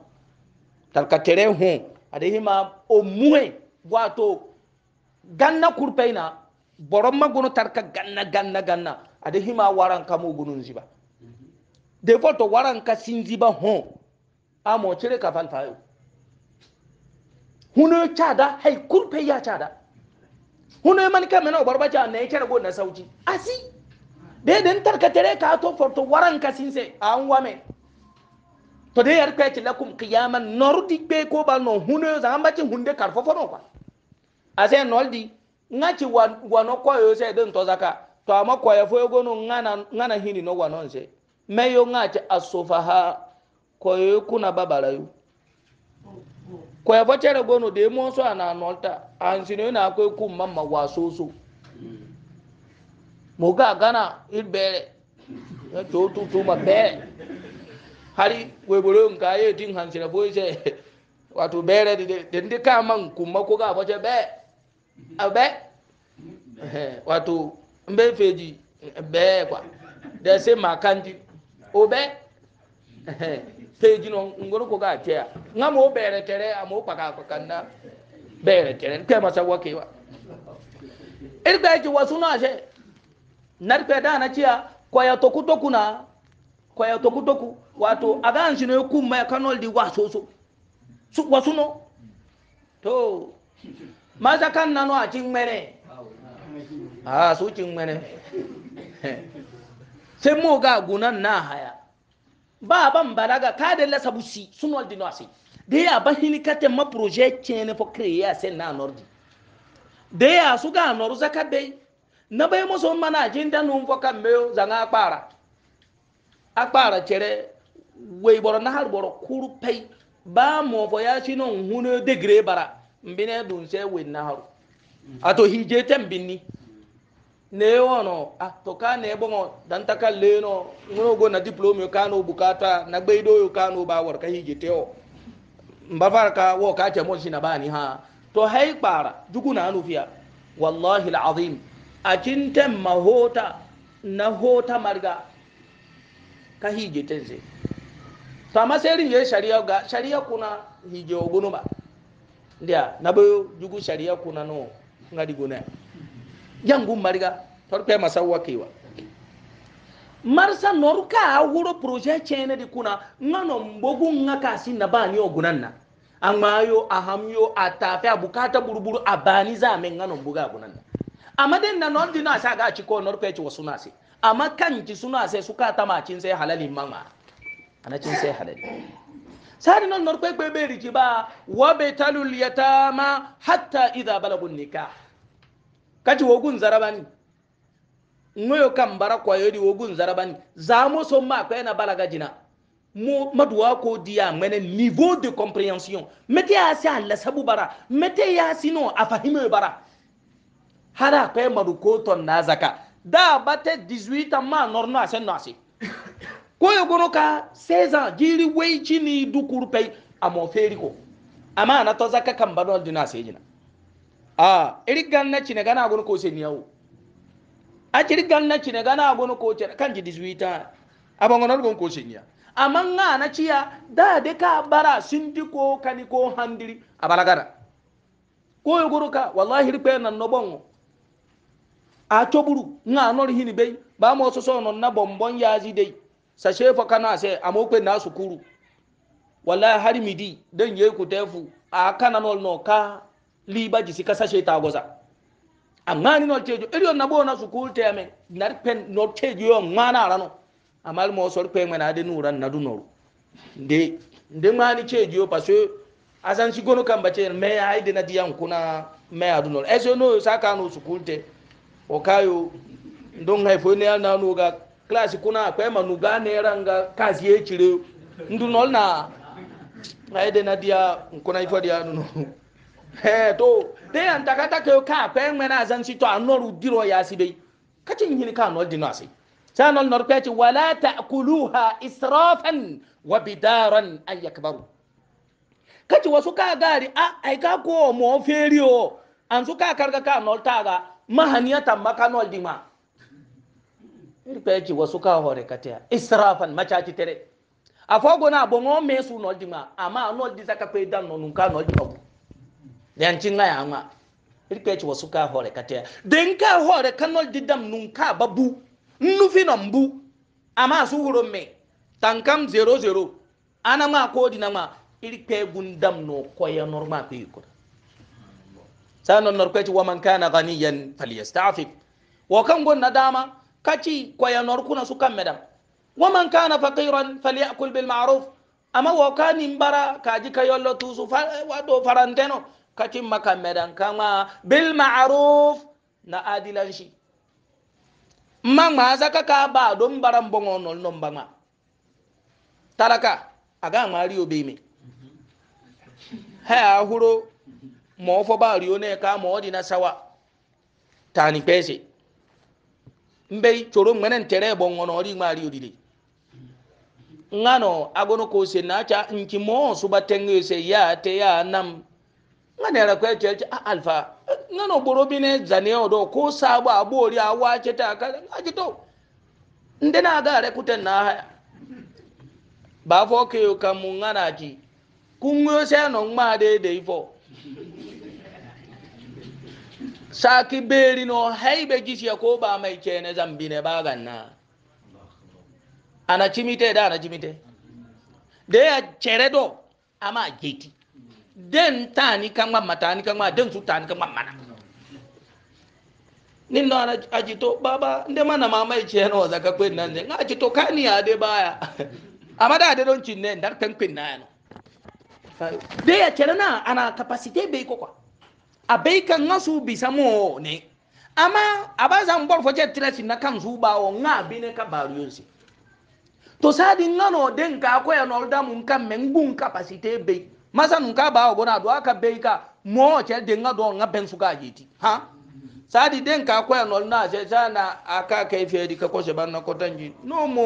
Tarka tarkatere hun adehima o muhe wato ganna kurpeina boron magono tarka ganna ganna ganna adehima waran kamo gunun ziba de foto waran ka sin ziba hun amo cire ka falfayo huno cada hay kurpe ya chada. huno man kamena barbaja ne kera go na sauti asi de den tarkatere ka to forto waran ka kasinse an wame to de yar kwe lakum qiyaman di be ko ba no huno zan ba tin hunde karfo n'o kwa ase noldi ngachi wano kwa yo se den to zaka to ama kwa ya fo gono ngana ngana hini no wano nse meyo ngachi asofaha ko yo kuna babara yo ko ya fo chere gono de mo so ana nolta an sino na ko ku mamma wasoso mm. moga gana ir bere ya to tu tu ma bere hari we boro nka ye din han sira boy se wato bere de de de ka man kuma ko ga boje be abe wato mbe feji be kwa de se makanti obe feji no ngoro ko ga tia ngamo bere tere amo paka pakanda bere tere ke masa wake wa irga ji wasu na she narpe da na ciya kwaya toku toku kwa kwaya toku toku wato a ga shi ne kun mai kanol di wa soso su wasu no to maza kan na no a cin mere a su cin mere sai mo ga gunan na haya ba ban balaga ka da lasa busi sunol di no asi da ya ba hinikate ma projet cene fo créer a sen na nordi da ya su ga noru zaka bai na bai musu mana jin da nun fokan meyo zanga akpara akpara chere wei boro na har boro kuru pei ba mo fo ya shi non huno degree bara mbine dun se wen na haru ato hinje tembini ne wono a to ka ne bongo dan taka leno ngono go na diploma ka no bukata na gbeido yo ka no ba war ka hije teo mbar ka wo ka che mo shi na bani ha to hay para jugu na anufiya wallahi alazim acinten ma mahota, na hota marga ka hijiten se to amma serin je shari'a ga shari'a kuna hije ogunu ba ndia na bayo jugu shari'a kuna no ngadi gune jangu marga torpe masawa kiwa marsa norka wuro projet chene di kuna ngano mbogu ngaka si na bani ogunanna amayo ahamyo atafe abukata buruburu abani za amenga no mbuga agunanna amma den na non dina sa ga ci ko nor peci wasu na se amma kan ci suna se suka ta ma cin sai halali mama ana cin sai halali sari non nor kwekwe be riki ba wa betalul yatama hatta idha balagun nikah kati wogun zarabani ngoyo kambara kwa yodi wogun zarabani zamo so ma kwa na balaga jina mo maduwa ko diya mene niveau de compréhension mete ya si alla sabu bara mete ya si no afahime bara hana kwe madu koton na zaka da bate 18 ma norno ase no ase koyo gono ka 16 ans jiri weichi ni dukuru pei amo feriko ama na to zaka kan bano dina se jina a iri ganna cine gana gono ko se niyawo a ciri ganna cine gana gono ko ce kan ji 18 ans abangono gono ko se niya amma nga na ciya da de ka bara kani kaniko handiri abalagara koyo gono ka wallahi rikpe nan no bongo a toburu nga anori hini bei ba mo so so non na bombon yaji dai sa shefo kana se amokwe na sukuru wala har midi dan yayi ku tefu a kana nol no ka liba jisi ka sashe ta goza amma ni nol tejo iri on na bo na sukuru te amen nar pen nol tejo yo mana rano amal mo so pe mena de nuran na dunoru de de mani tejo parce que asan si gono kan bace me ya ide na diyan kuna me adunol eso no saka no sukulte o kayo don haifo ne yana nuga klasi kuna akwai manuga ne ranga kasi ya e cire ndu nol na ai de na dia kuna ifo dia no he to de an takata ke ka akwai ngwe na zan sito anoru diro ya sibe kacin yin ka no dino asai sanon nor peci wala taakuluha israfan wa bidaran an yakbaru kaci wasu ka gari a ah, ai ka ko mo feri o an su ka karga ka nol taga mahaniyata makanol dima iri peji wasu ka hore katea israfan macaci tere a fogona bongo me su nol dima ama nol di zaka pe dan no nunka nol dima bu dan cinga ya ma iri peji wasu ka hore katea den ka hore kanol di dam nunka babu nufi no mbu ama su huro me tankam 00 ana ma ko dinama iri pe gundam no koya normal pe ko sanon norkweci waman kana ganiyan falyastafif wo kan gonna dama kaci koya norkuna su kan medam waman kana faqiran falyakul ma'ruf ama wo kanin bara kaji kayollo tusu waɗo faranteno kachi kan medan kama ma'ruf na adilanshi ma zaka kaka ba don baran bongo nolnon ba talaka aga ŋmari obeme haya huro mo fo ba na ne ka mo dị na sawa tani pese mbe choro ngene tere bo ngono ri ma riyo dile ngano agono ko se na cha nki mo su ba tenge se ya te ya nam ngane ra ko te cha alfa ngano boro bine zane odo ko sabu abori awa cheta ka ajito nde na ga re kuten na ha ba fo ke ka mu ngana ji kunwe se no ngma de de ifo saki beri no haibe jisi ya ko ba mai ce na zambi ne ba ganna ana cimite da ana cimite de ya cere do ama jeti den tani kan mamma tani kan ma den su tani kan mamma na nin no ana ajito baba nde mana mama ce no zaka kwen nan ne ajito kani ya de baya amma da da don cinne dar kan kwen na no de ya kenan na ana capacity bai ko kwa a bai kan ngasu bisa mo ne amma a ba zan bar foje tirasi na kan su ba wa nga bi ne ka bariyun si to sadi ngano den ka ko ya nolda mun kan men gun capacity bai masa nun ka ba wa gona do aka bai ka mo che de nga do nga ben su ka jiti ha sadi den ka ko ya nolna se sana aka kai fe di ka ko se ban na kotanji no mo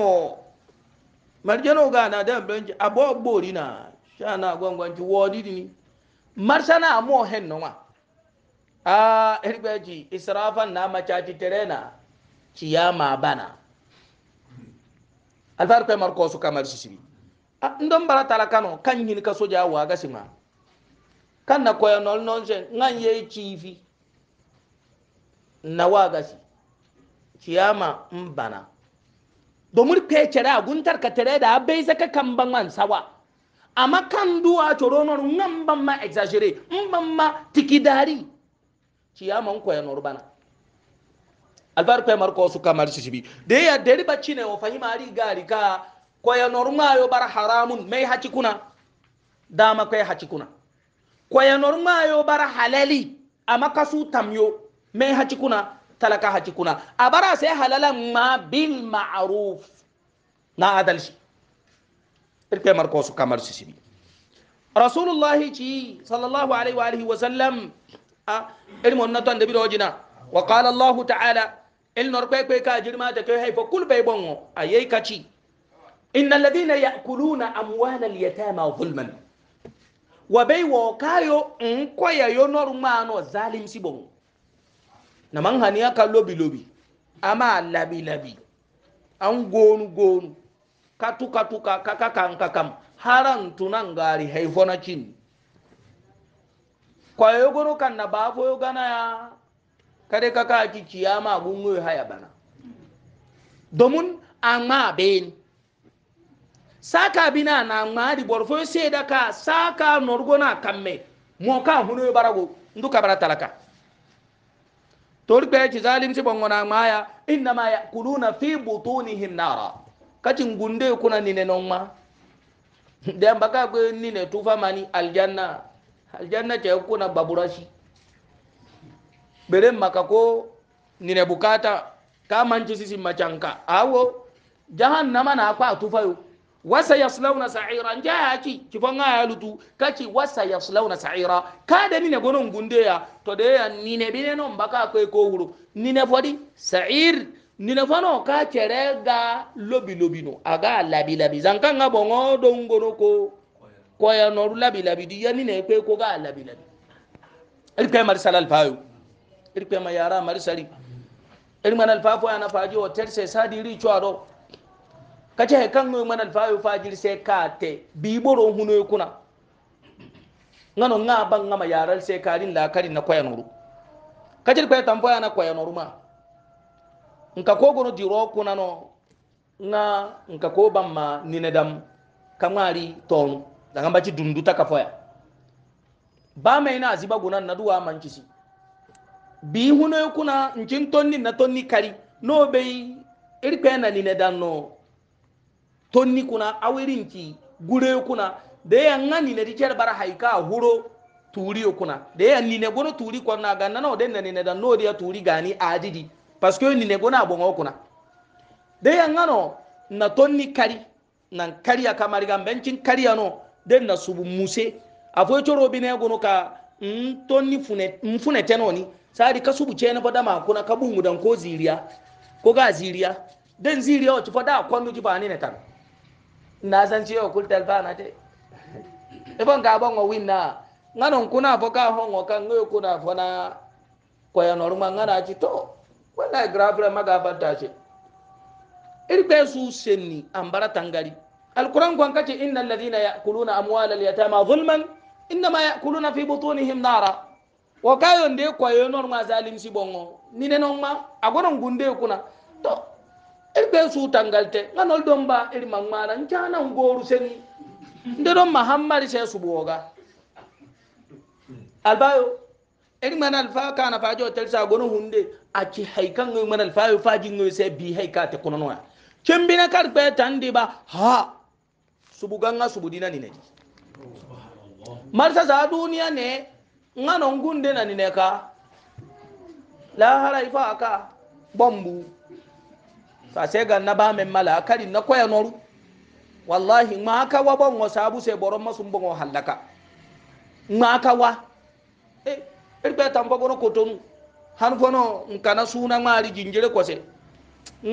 marjano ga na da ben abo bori na shana gwangwanci wodidi ni marsana mo hen no ma a irbeji israfan na macati terena kiyama bana alfar kwe marko su kamar su sibi ndon bara talakano kan yin ka soja wa gasima kan na koyo nol nonsen ngan ye chifi na wa gasi kiyama mbana domin kwe cere guntar ka tere da abai zaka kan ban man sawa amma kan duwa coronar nan ban ma exaggerate in ban ma tikidari ciyaman koyan urbana albar koyan marko su kamar su shibi da ya dari bacci ne wa fahima ri gari ka koyan urma yo bar haramun mai haci kuna dama koyan haci kuna koyan urma yo bar halali amma kasu tamyo mai haci kuna talaka haci kuna a bara sai halalan ma bil ma'ruf na adalci irke marko su kamar su sibi rasulullahi ci sallallahu alaihi wa alihi wa sallam a ilmu na ton da bi wajina wa qala allah ta'ala il nor kwe kwe ka jirma ta kai haifa kul bai bonwo ayai kaci innal ladina ya'kuluna amwalal yatama zulman wa bai wo kayo in koya yo nor ma no zalim si bonwo na man hani aka lobi lobi ama labi labi an um gonu gonu katuka tuka kaka kanka kam haran tunan gari haifona cin kan na bafo yo gana ya kade kaka ki ciyama gungo haya bana domin amma ben saka bina na ngari borfo se daka saka norgona kamme mo ka huno barago nduka bara talaka torbe ci zalim ci bongona maya inna ma yakuluna fi butunihim nara kati ngunde kuna nine nonma demba ka ko nine tufa mani aljanna aljanna ce kuna baburashi bere maka ko nine bukata ka manci sisi macanka awo jahannama na kwa tufa yo wasa yaslawna sa'ira nja yaki kifanga ya lutu kaki wasa yaslawna sa'ira kada nine gonon gunde ya to de ya nine bine non baka ko ko wuro nine fodi sa'ir nina fano ka cere ga lobi lobi no aga labi labi zanka nga bongo do ngoro ko ko ya noru labi labi di ya nina pe ko ga labi labi eri pe mari salal fayo eri pe ma iri mari sari eri man ana faji o terse sadi ri chwaro kace he kan man al fayo fajir se ka te bi boro huno kuna ngano nga ban nga ma yaral se karin la kari na ko ya noru kace kwa tampo ana ko ya noru ma nka ko diro kuna no nga nka ko bamma ninedam kamari tonu daga baci dundu ta kafoya ba mai na aziba gunan na duwa mancisi bi huno kuna nkin tonni na tonni kari no bai irpe na ninedam no tonni kuna awirinki gure kuna da ya nga nine cer bara haika huro turi kuna da ya nine gono turi kwa na ganna no den na nine no dia turi gani adidi parce que lile gona bongo kuna de yangano na tonni kari nan kariya kamar ga bencin kari no den na subu muse afo choro bine gono ka n mm, tonni fune mfune teno ni sari ka subu chene fada ma kuna ka bungu dan ko ziriya ko ga ziriya den ziriya o fada kwando ji bani ne tan na san ciyo kultal ba na te ibon ga bongo winna ngano kuna fo ka hongo ka ngoyo kuna fo na koya norma ngana ci to wala grafira maga battace iri kpe su ambara tangari alquran kon kace inna alladhina yakuluna amwala alyatama zulman innama yakuluna fi butunihim nara wo kayo nde kwayo norma zalim si bongo nine nonma agoron gunde kuna to iri kpe tangalte nganol domba iri mangmana ncana ngoru seni nde don mahammari se subuwoga albayo eri mana alfa kana fajo tel sa gono hunde aci haikan ngi mana alfa faji ngi se bi haika te kono noya kembina kar pe tandi ba ha subuganga subudina ni ne marsa za duniya ne ngano ngunde na nine ka la hara ifa aka bombu sa se ga na ba men mala kali na koya noru wallahi ma aka wa bongo sabu se boron masu bongo halaka ma aka wa eh erikpe tampa gono kotonu han fono nkana suna ŋmaari jinjire kose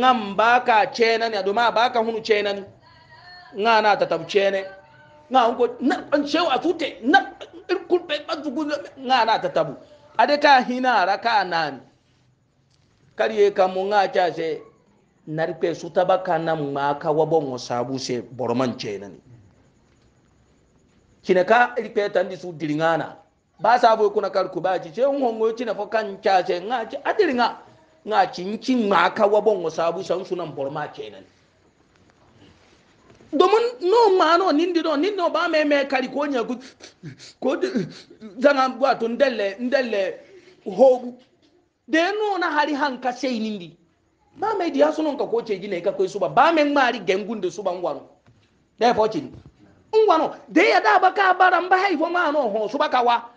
ŋa mba ka ceenani adoma a baa ka hunu ngana ŋa na tatabu ceene ŋa unko nsew atute na irkulpe bazugu ŋa na tatabu ade ka hinara ka naani kari ye kamo ŋa case narikpe sutaba kana ŋmaa ka wabo ŋo se boroman ceenani kine ka irikpe tandi su diri ŋa ba sa boy kuna kar ku baji ce un hongo na fo kan cha ce nga ci adir nga nga cincin ma ka wa bon sabu san sunan borma kenan domin no ma no nindi no nindi no ba me me kari ko nya ku ko zanga wato ndalle ndalle hobu de no na hari hanka sai nindi ba me diya sunon ka ko ce gine ka kai suba ba me mari gengun da suba ngwano da fo cin ngwano de ya da ba ka baran ba haifo ma no ho suba ka wa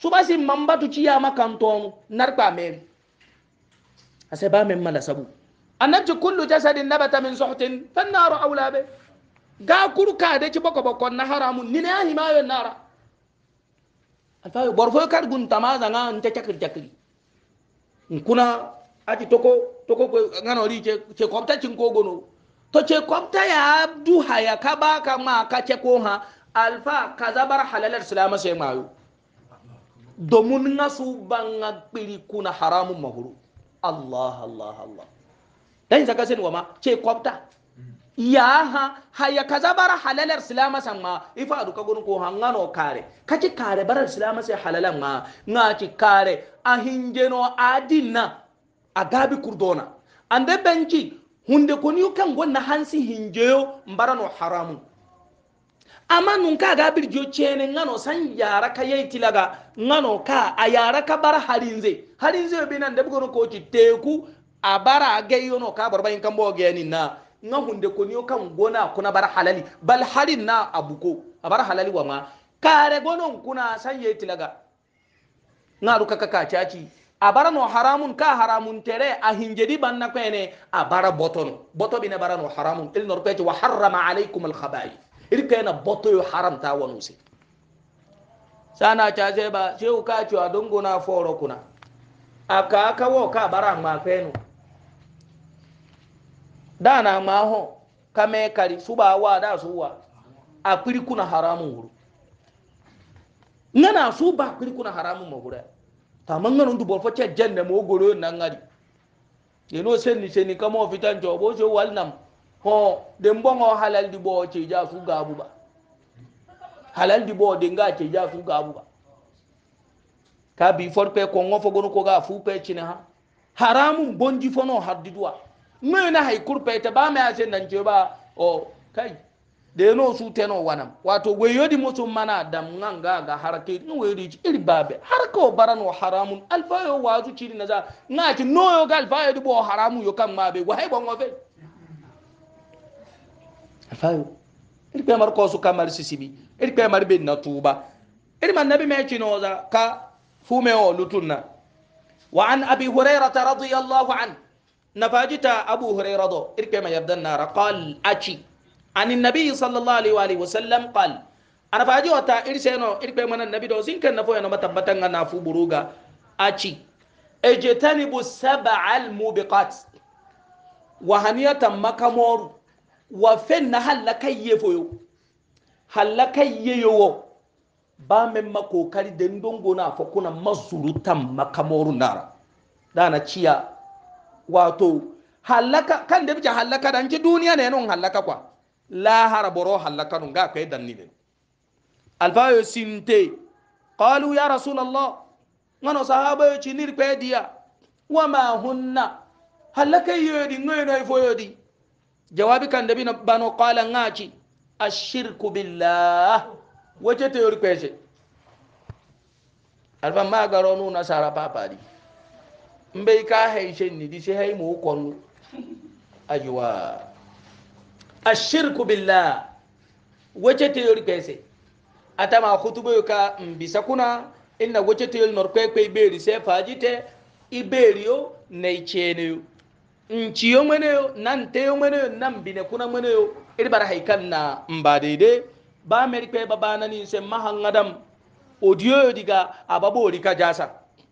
subasi mambatu ciyama kantomu narpa meri ase ba men mala sabu annabti kullu jasadin nabata min suhtin fannaru aula be ga kurka de ci boko boko na haramu nine ya himayo nara alfayo borfo kar gun tamaza nga nte chakri chakri nkuna ati toko toko ko ngano ri ce ce kopta cin ko gono to ce kopta ya duha ya kaba kama ka ce ko ha alfa kazabar halalar salama sai mayo domin nasu ban kpiri kuna haramun mahuru Allah Allah Allah dan zaka sin wama ce kwafta mm. ya ha haya kaza bara halalar silama san ma ifa aduka gun ko hangano kare kaci kare bara silama sai halalan ma ngaci kare ahingeno adina agabi kurdona ande benci hunde koniyo kan gonna hansi hinjeyo mbarano haramun amma nun ka ga birjo cene ngano san yara ka yai tilaga ngano ka a yara ka bar harinze harinze be nan da bugo ko ci teku a bara gayo no ka barbayin kan bo gani na nga hunde ko niyo kan gona kuna bar halali bal harin na abuko a bar halali wa ma kare gonon kuna san yai tilaga ngaru ka ka caci a bara no haramun ka haramun tere a hinjedi banna kwene a bara botono boto bine bara no haramun il norpeji wa harrama alaikum al khaba'ith irka yana boto yo haramta wani sai sana cha sai ba sai ka ci a dunguna foro kuna aka aka wo ka bara ma fenu dana ma ho kame kari suba wa da suwa a kuri kuna haramun wuru ngana su ba kuri kuna haramun mahura ta mangana ndu bol focha janna mo goro nan ngari yeno sen ni sen ni kamo fitan jo jo wal ho den bongo halal di bo ce ja su gabu ba halal di bo den ga ce ja su gabu ba ka bi forpe ko ngo gonu ko ga fu pe cina ha haramun bonji fono haddi duwa mai na hay kurpe ta ba mai asen nan ce ba o kai da yano su teno wanam wato wayo di musu mana da nganga ga harake ni wayo di iri babe harka baran o haramun alfayo wazu ciri na za na ki noyo ga alfayo di bo haramun yo kan ma be wa hay bon ofe alfayo iri kpe mari koosu ka mari sisibi iri kpe mari be na tuuba iri man nabi me cinooza ka fume o lutunna wa an abi ta hurairata radiallahu an nafajita abu huraira do iri kpe ma yardan nara qal aci an nabiyi sall llahu alayhi waalihi wasallam qal anafaji ta iri seno iri kpe mana nabi do sinken nafoyeno nga na fu buruga aci ejtanibu saba almubiqat wahaniya tamma makamoru wa fen na halakai ye foyo halakai ye yowo ba men ma kokari da ndongo na fa kuna mazurutan makamoru nara dana ciya wato halaka kan bi bice halaka dan ki duniya ne non halaka kwa la haraboro halaka nun ga kai danni ne alfayo sinte qalu ya rasulullah ngano sahaba yo cinir pe dia wama hunna halaka yodi ngoy noy foyodi jawabi kan da bi na bano qala ngaci ashirku billah wace ta yori kwese alfa ma garo nu na sara papa di mbe ka haishe ni di sai hai mu konu ajiwa ashirku billah wace ta yori kwese atama khutubu ka mbisa kuna inna wace ta yori norkwe beri sai fajite iberiyo na ichene nciyo mene yo nan teyo mene yo nan bine kuna mene yo iri bara haikan na mba daidai ba Amerika kwe baba na ni se mahan adam odiyo diga ababu rika jasa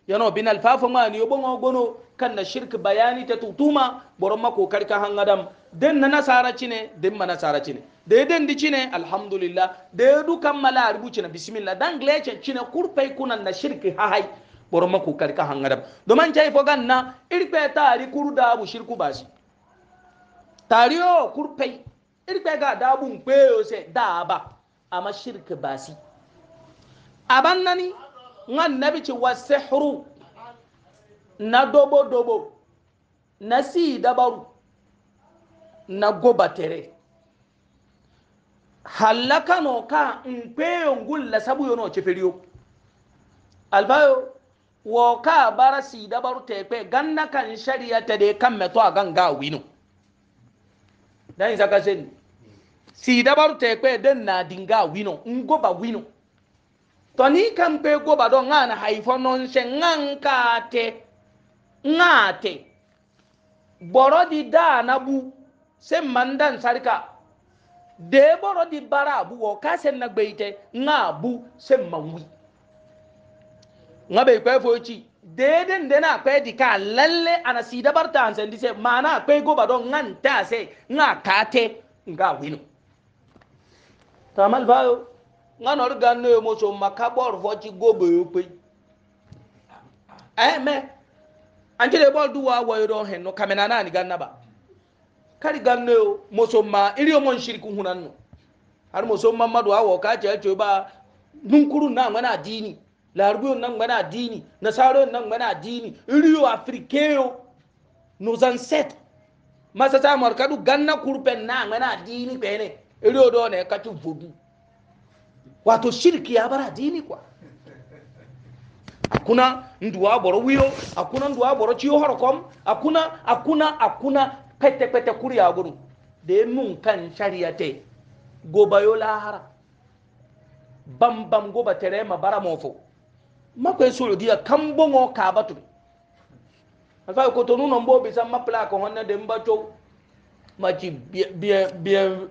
yano bin alfafa ma ni obon gono kan na shirk bayani ta tutuma boron ma kokar ka han adam den na nasara cine den ma nasara cine da ya dendi cine alhamdulillah da ya dukan mala rubuci na bismillah dan glecen cine kurfai kunan na shirk hahai boroma ku kalka hangadam do man chay tari kuru da bu shirku basi tari o kurpe irpe ga da bu npe o se da ba ama shirk basi aban nani ngan nabi ci wasihru na dobo dobo na sii dabaru na gobatere halaka no ka npe ongun la sabu yo no cheferiyo albayo wo ka bara si da baru tepe ganna kan shari'a ta de kan meto a ganga wino dan isa ka sen si da baru tepe den na dinga wino ngoba wino to ni kan pe goba don nga haifo non she ngan ka te ngate, te boro di da na bu se mandan sarka de boro di bara bu wo ka sen na gbeite nga bu se manwi nga bai kwai foci deden dena kwai dika lalle ana si dabar ta hansan dise mana kwai goba don ngan ta se nga kate nga winu tamal bayo nga nor ganno yo moso makabor foci gobo yo pe eh me anje de bol duwa wayo don hen no kamena nani ganna ba kari ganno yo moso ma iri mon shirku hunanno har moso mamadu awo ka ce ce ba nunkuru na ngana dini yon nan gbana addini yon nan gbana addini iriyo afrikeyo nozan set masa ta markadu ganna kurpen na gbana addini pene iriyo do ne kaci vodu wato shirki ya bara addini kwa akuna nduwa boro wiyo akuna nduwa boro ciyo horokom akuna akuna akuna pete pete kuri ya guru da mun kan shariyate gobayo lahara bambam goba tere mabara mofo makwe soro dia kambo ngo kaba tu afa ko to nuno mbo bisa mapla ko honna de mbacho maji bien bien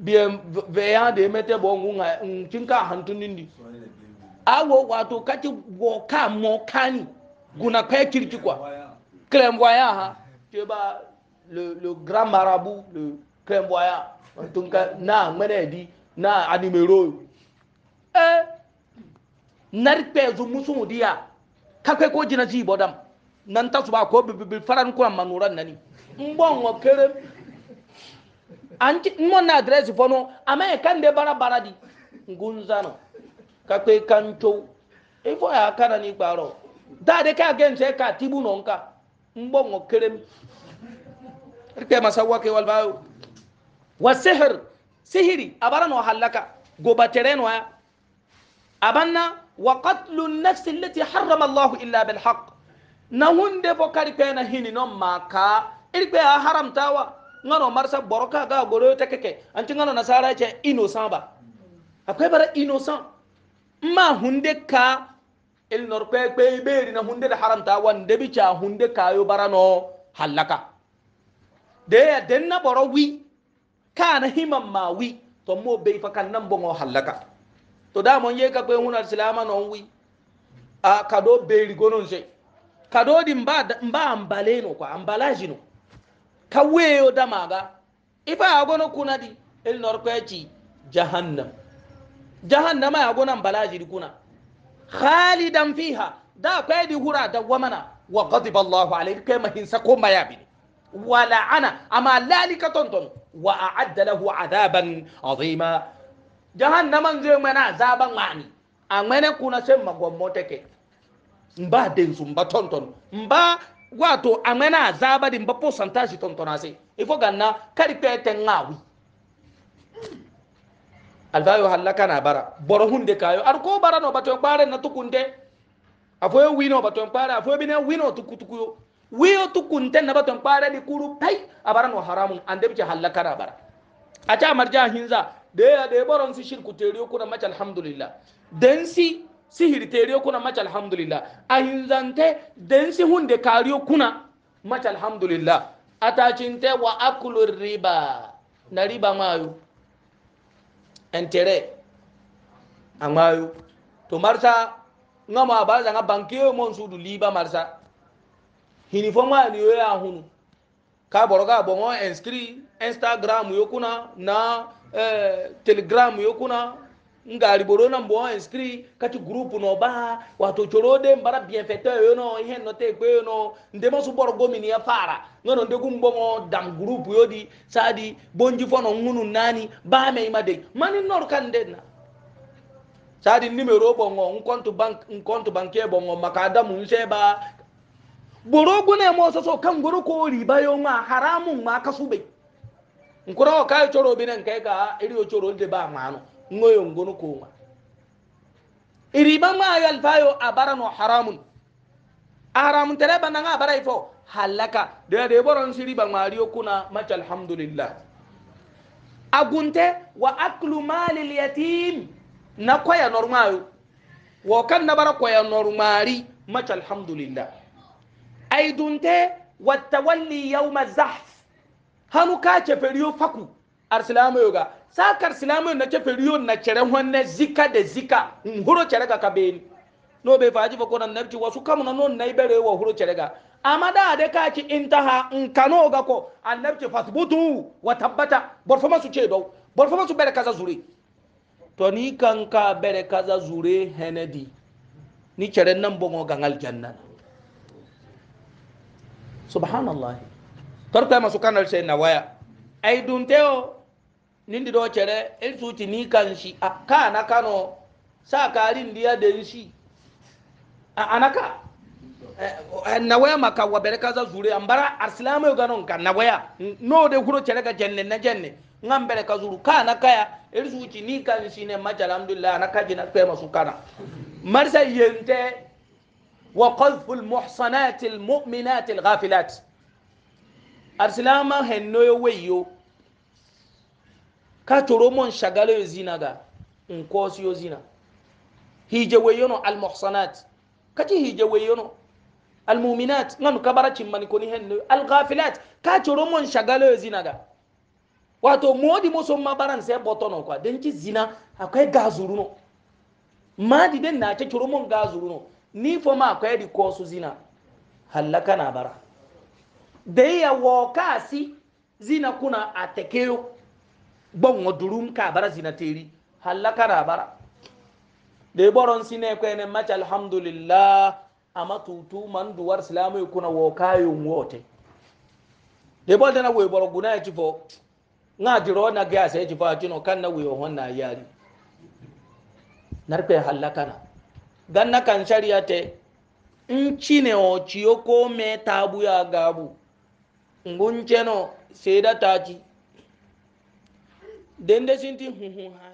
bien veya de mete bo ngunga chinka hantunindi awo wato kaci bo ka mo kani guna kwa kirki kwa clairvoyant ha ke ba le le grand marabout le clairvoyant en tout na ngmene di na animero eh narpe zu musu diya kakwe ko jina ji bodam nan ta su ba ko bi faran kuran manuran nani mbon wa kerem anti mon address fono ama e kande bara bara di ngunzano kakwe kanto e fo ya kana ni gbaro da de ka gen se ka tibu no nka mbon wa kerem rike masawa ke wal bayo wa sihr sihiri abara no halaka gobatere no ya abanna wa qatlu nafsi allati harrama allahu illa bil haqq na hunde fo kari pena hini no maka iri pe a haramtawa ngano marsa boroka ga goro ta keke anti ngano nasara ce innocent ba akwai bara innocent ma hunde ka il nor pe pe beri na hunde da haramta wande bi cha hunde kayo bara no halaka de ya denna boro wi kana himam ma wi to mo be fa kan nan bongo halaka to da mon ye ka kwe hunar silama non wi a kado beri gonon se kado di mba mba ambale no kwa ambalaji no ka weyo damaga ifa agono kuna di el nor kwechi jahannam jahannama ya gono ambalaji di kuna khalidan fiha da kwe di hura da wamana wa ghadiba Allahu alayhi kai mahinsa ko mayabini wala ana amma lalika tonton wa a'adda lahu adaban azima jahannaman zai mana azaban mani a mene kuna sai magwammo take mba den su mba tonton mba wato a mene azaba din ba percentage tontona sai ifo ganna kari pete ngawi albayo halaka na bara boro hunde kayo ar ko bara no bato kware na tukunde afoye wino bato kware afoye bine wino tukutukuyo wiyo tukunte na bato kware di kuru pai abara no haramun ande bi halaka na bara acha marja hinza da ya da ya baron si shirku teriyo kuna mace alhamdulillah dan si sihiri teriyo kuna mace alhamdulillah a hinzante dan si hunde kariyo kuna mace alhamdulillah atacinte wa akulu riba na riba mayo entere a mayo to marsa nga ma ba zanga bankiyo mon sudu liba marsa hini fo ma ni yo ya hunu ka boro ka inscrit instagram yokuna na eh, telegram yokuna ngari boro na mbo inscrit kati group no ba wato choro de mbara bienfaiteur yo no ihe no te kwe yo no ndemo su boro gomi ni afara ngono ndegu mbo mo dam group yo di sadi bonji fono ngunu nani ba me imade mani nor kan de na sadi nimero bongo nkonto bank nkonto banke bongo makada mu nse ba boro gune mo so so kan goro ko riba yo ma haramun ma kasu nkura o kai choro bi nan kai ga iri o choro de ba ma manu ngoyo ngono ko ma iri ba ma yal fayo abarano haramun haramun tare ban nan abara ifo halaka de de boron siri ba ma mariyo kuna mace alhamdulillah agunte wa aklu mal al yatim na kwaya normal wo kan na bara kwaya normali mace alhamdulillah aidunte wa tawalli yawm az zahf hanu ka ce feriyo faku arsilama yoga sakar silama na ce feriyo na cere wanne zika da zika in hmm. huro cere ka kabeni no be faji fa konan nabci wasu kamu na non nay bere wa huro cere ga amma da da ka ci intaha in kano ga ko annabci fasbutu wa tabbata bor fama ce dau bor fama bere kaza zure to ni kan ka bere kaza zure henedi ni cere nan bongo gangal janna subhanallah torta masu kanal sai na waya ai dun teo nindi do chere el suti ni kan shi ka na kano sa karin dia den shi anaka na waya maka wa bere za zure ambara arsilama yo ganon kan na waya no de huro chere ga jenne na jenne ngam bere ka zuru ka na kaya el suti ni kan shi ne ma alhamdulillah na kaji na kai masu kana marsa yente wa qadhful muhsanati al mu'minati arsilama henno yo weyo ka toro mon shagalo yo zina ga nkosi yo zina hije weyono almuhsanat kati hije weyono almuminat nganu kabara cimmani koni henno alghafilat ka toro mon shagalo yo zina ga wato modi mo somma baran se botono kwa denki zina akwai gazuruno madi den na ce toro mon gazuruno ni fo ma akwai di kosu zina hallaka na bara deya wokasi zina kuna a atekeyo gbonwo durum ka bara zina teri halaka na bara de boron sine kwene macha alhamdulillah ama tutu man duwar silamu kuna wokayo wote de bol dana we boro guna ya tifo nga jiro na ga sai tifo atino kan na we na yari narpe halaka na ganna kan shari'a te in cine o ciyo ko me taabu ya gabu ngunceno hmm. seeda taaci dende sinti huhuha hmm, hmm,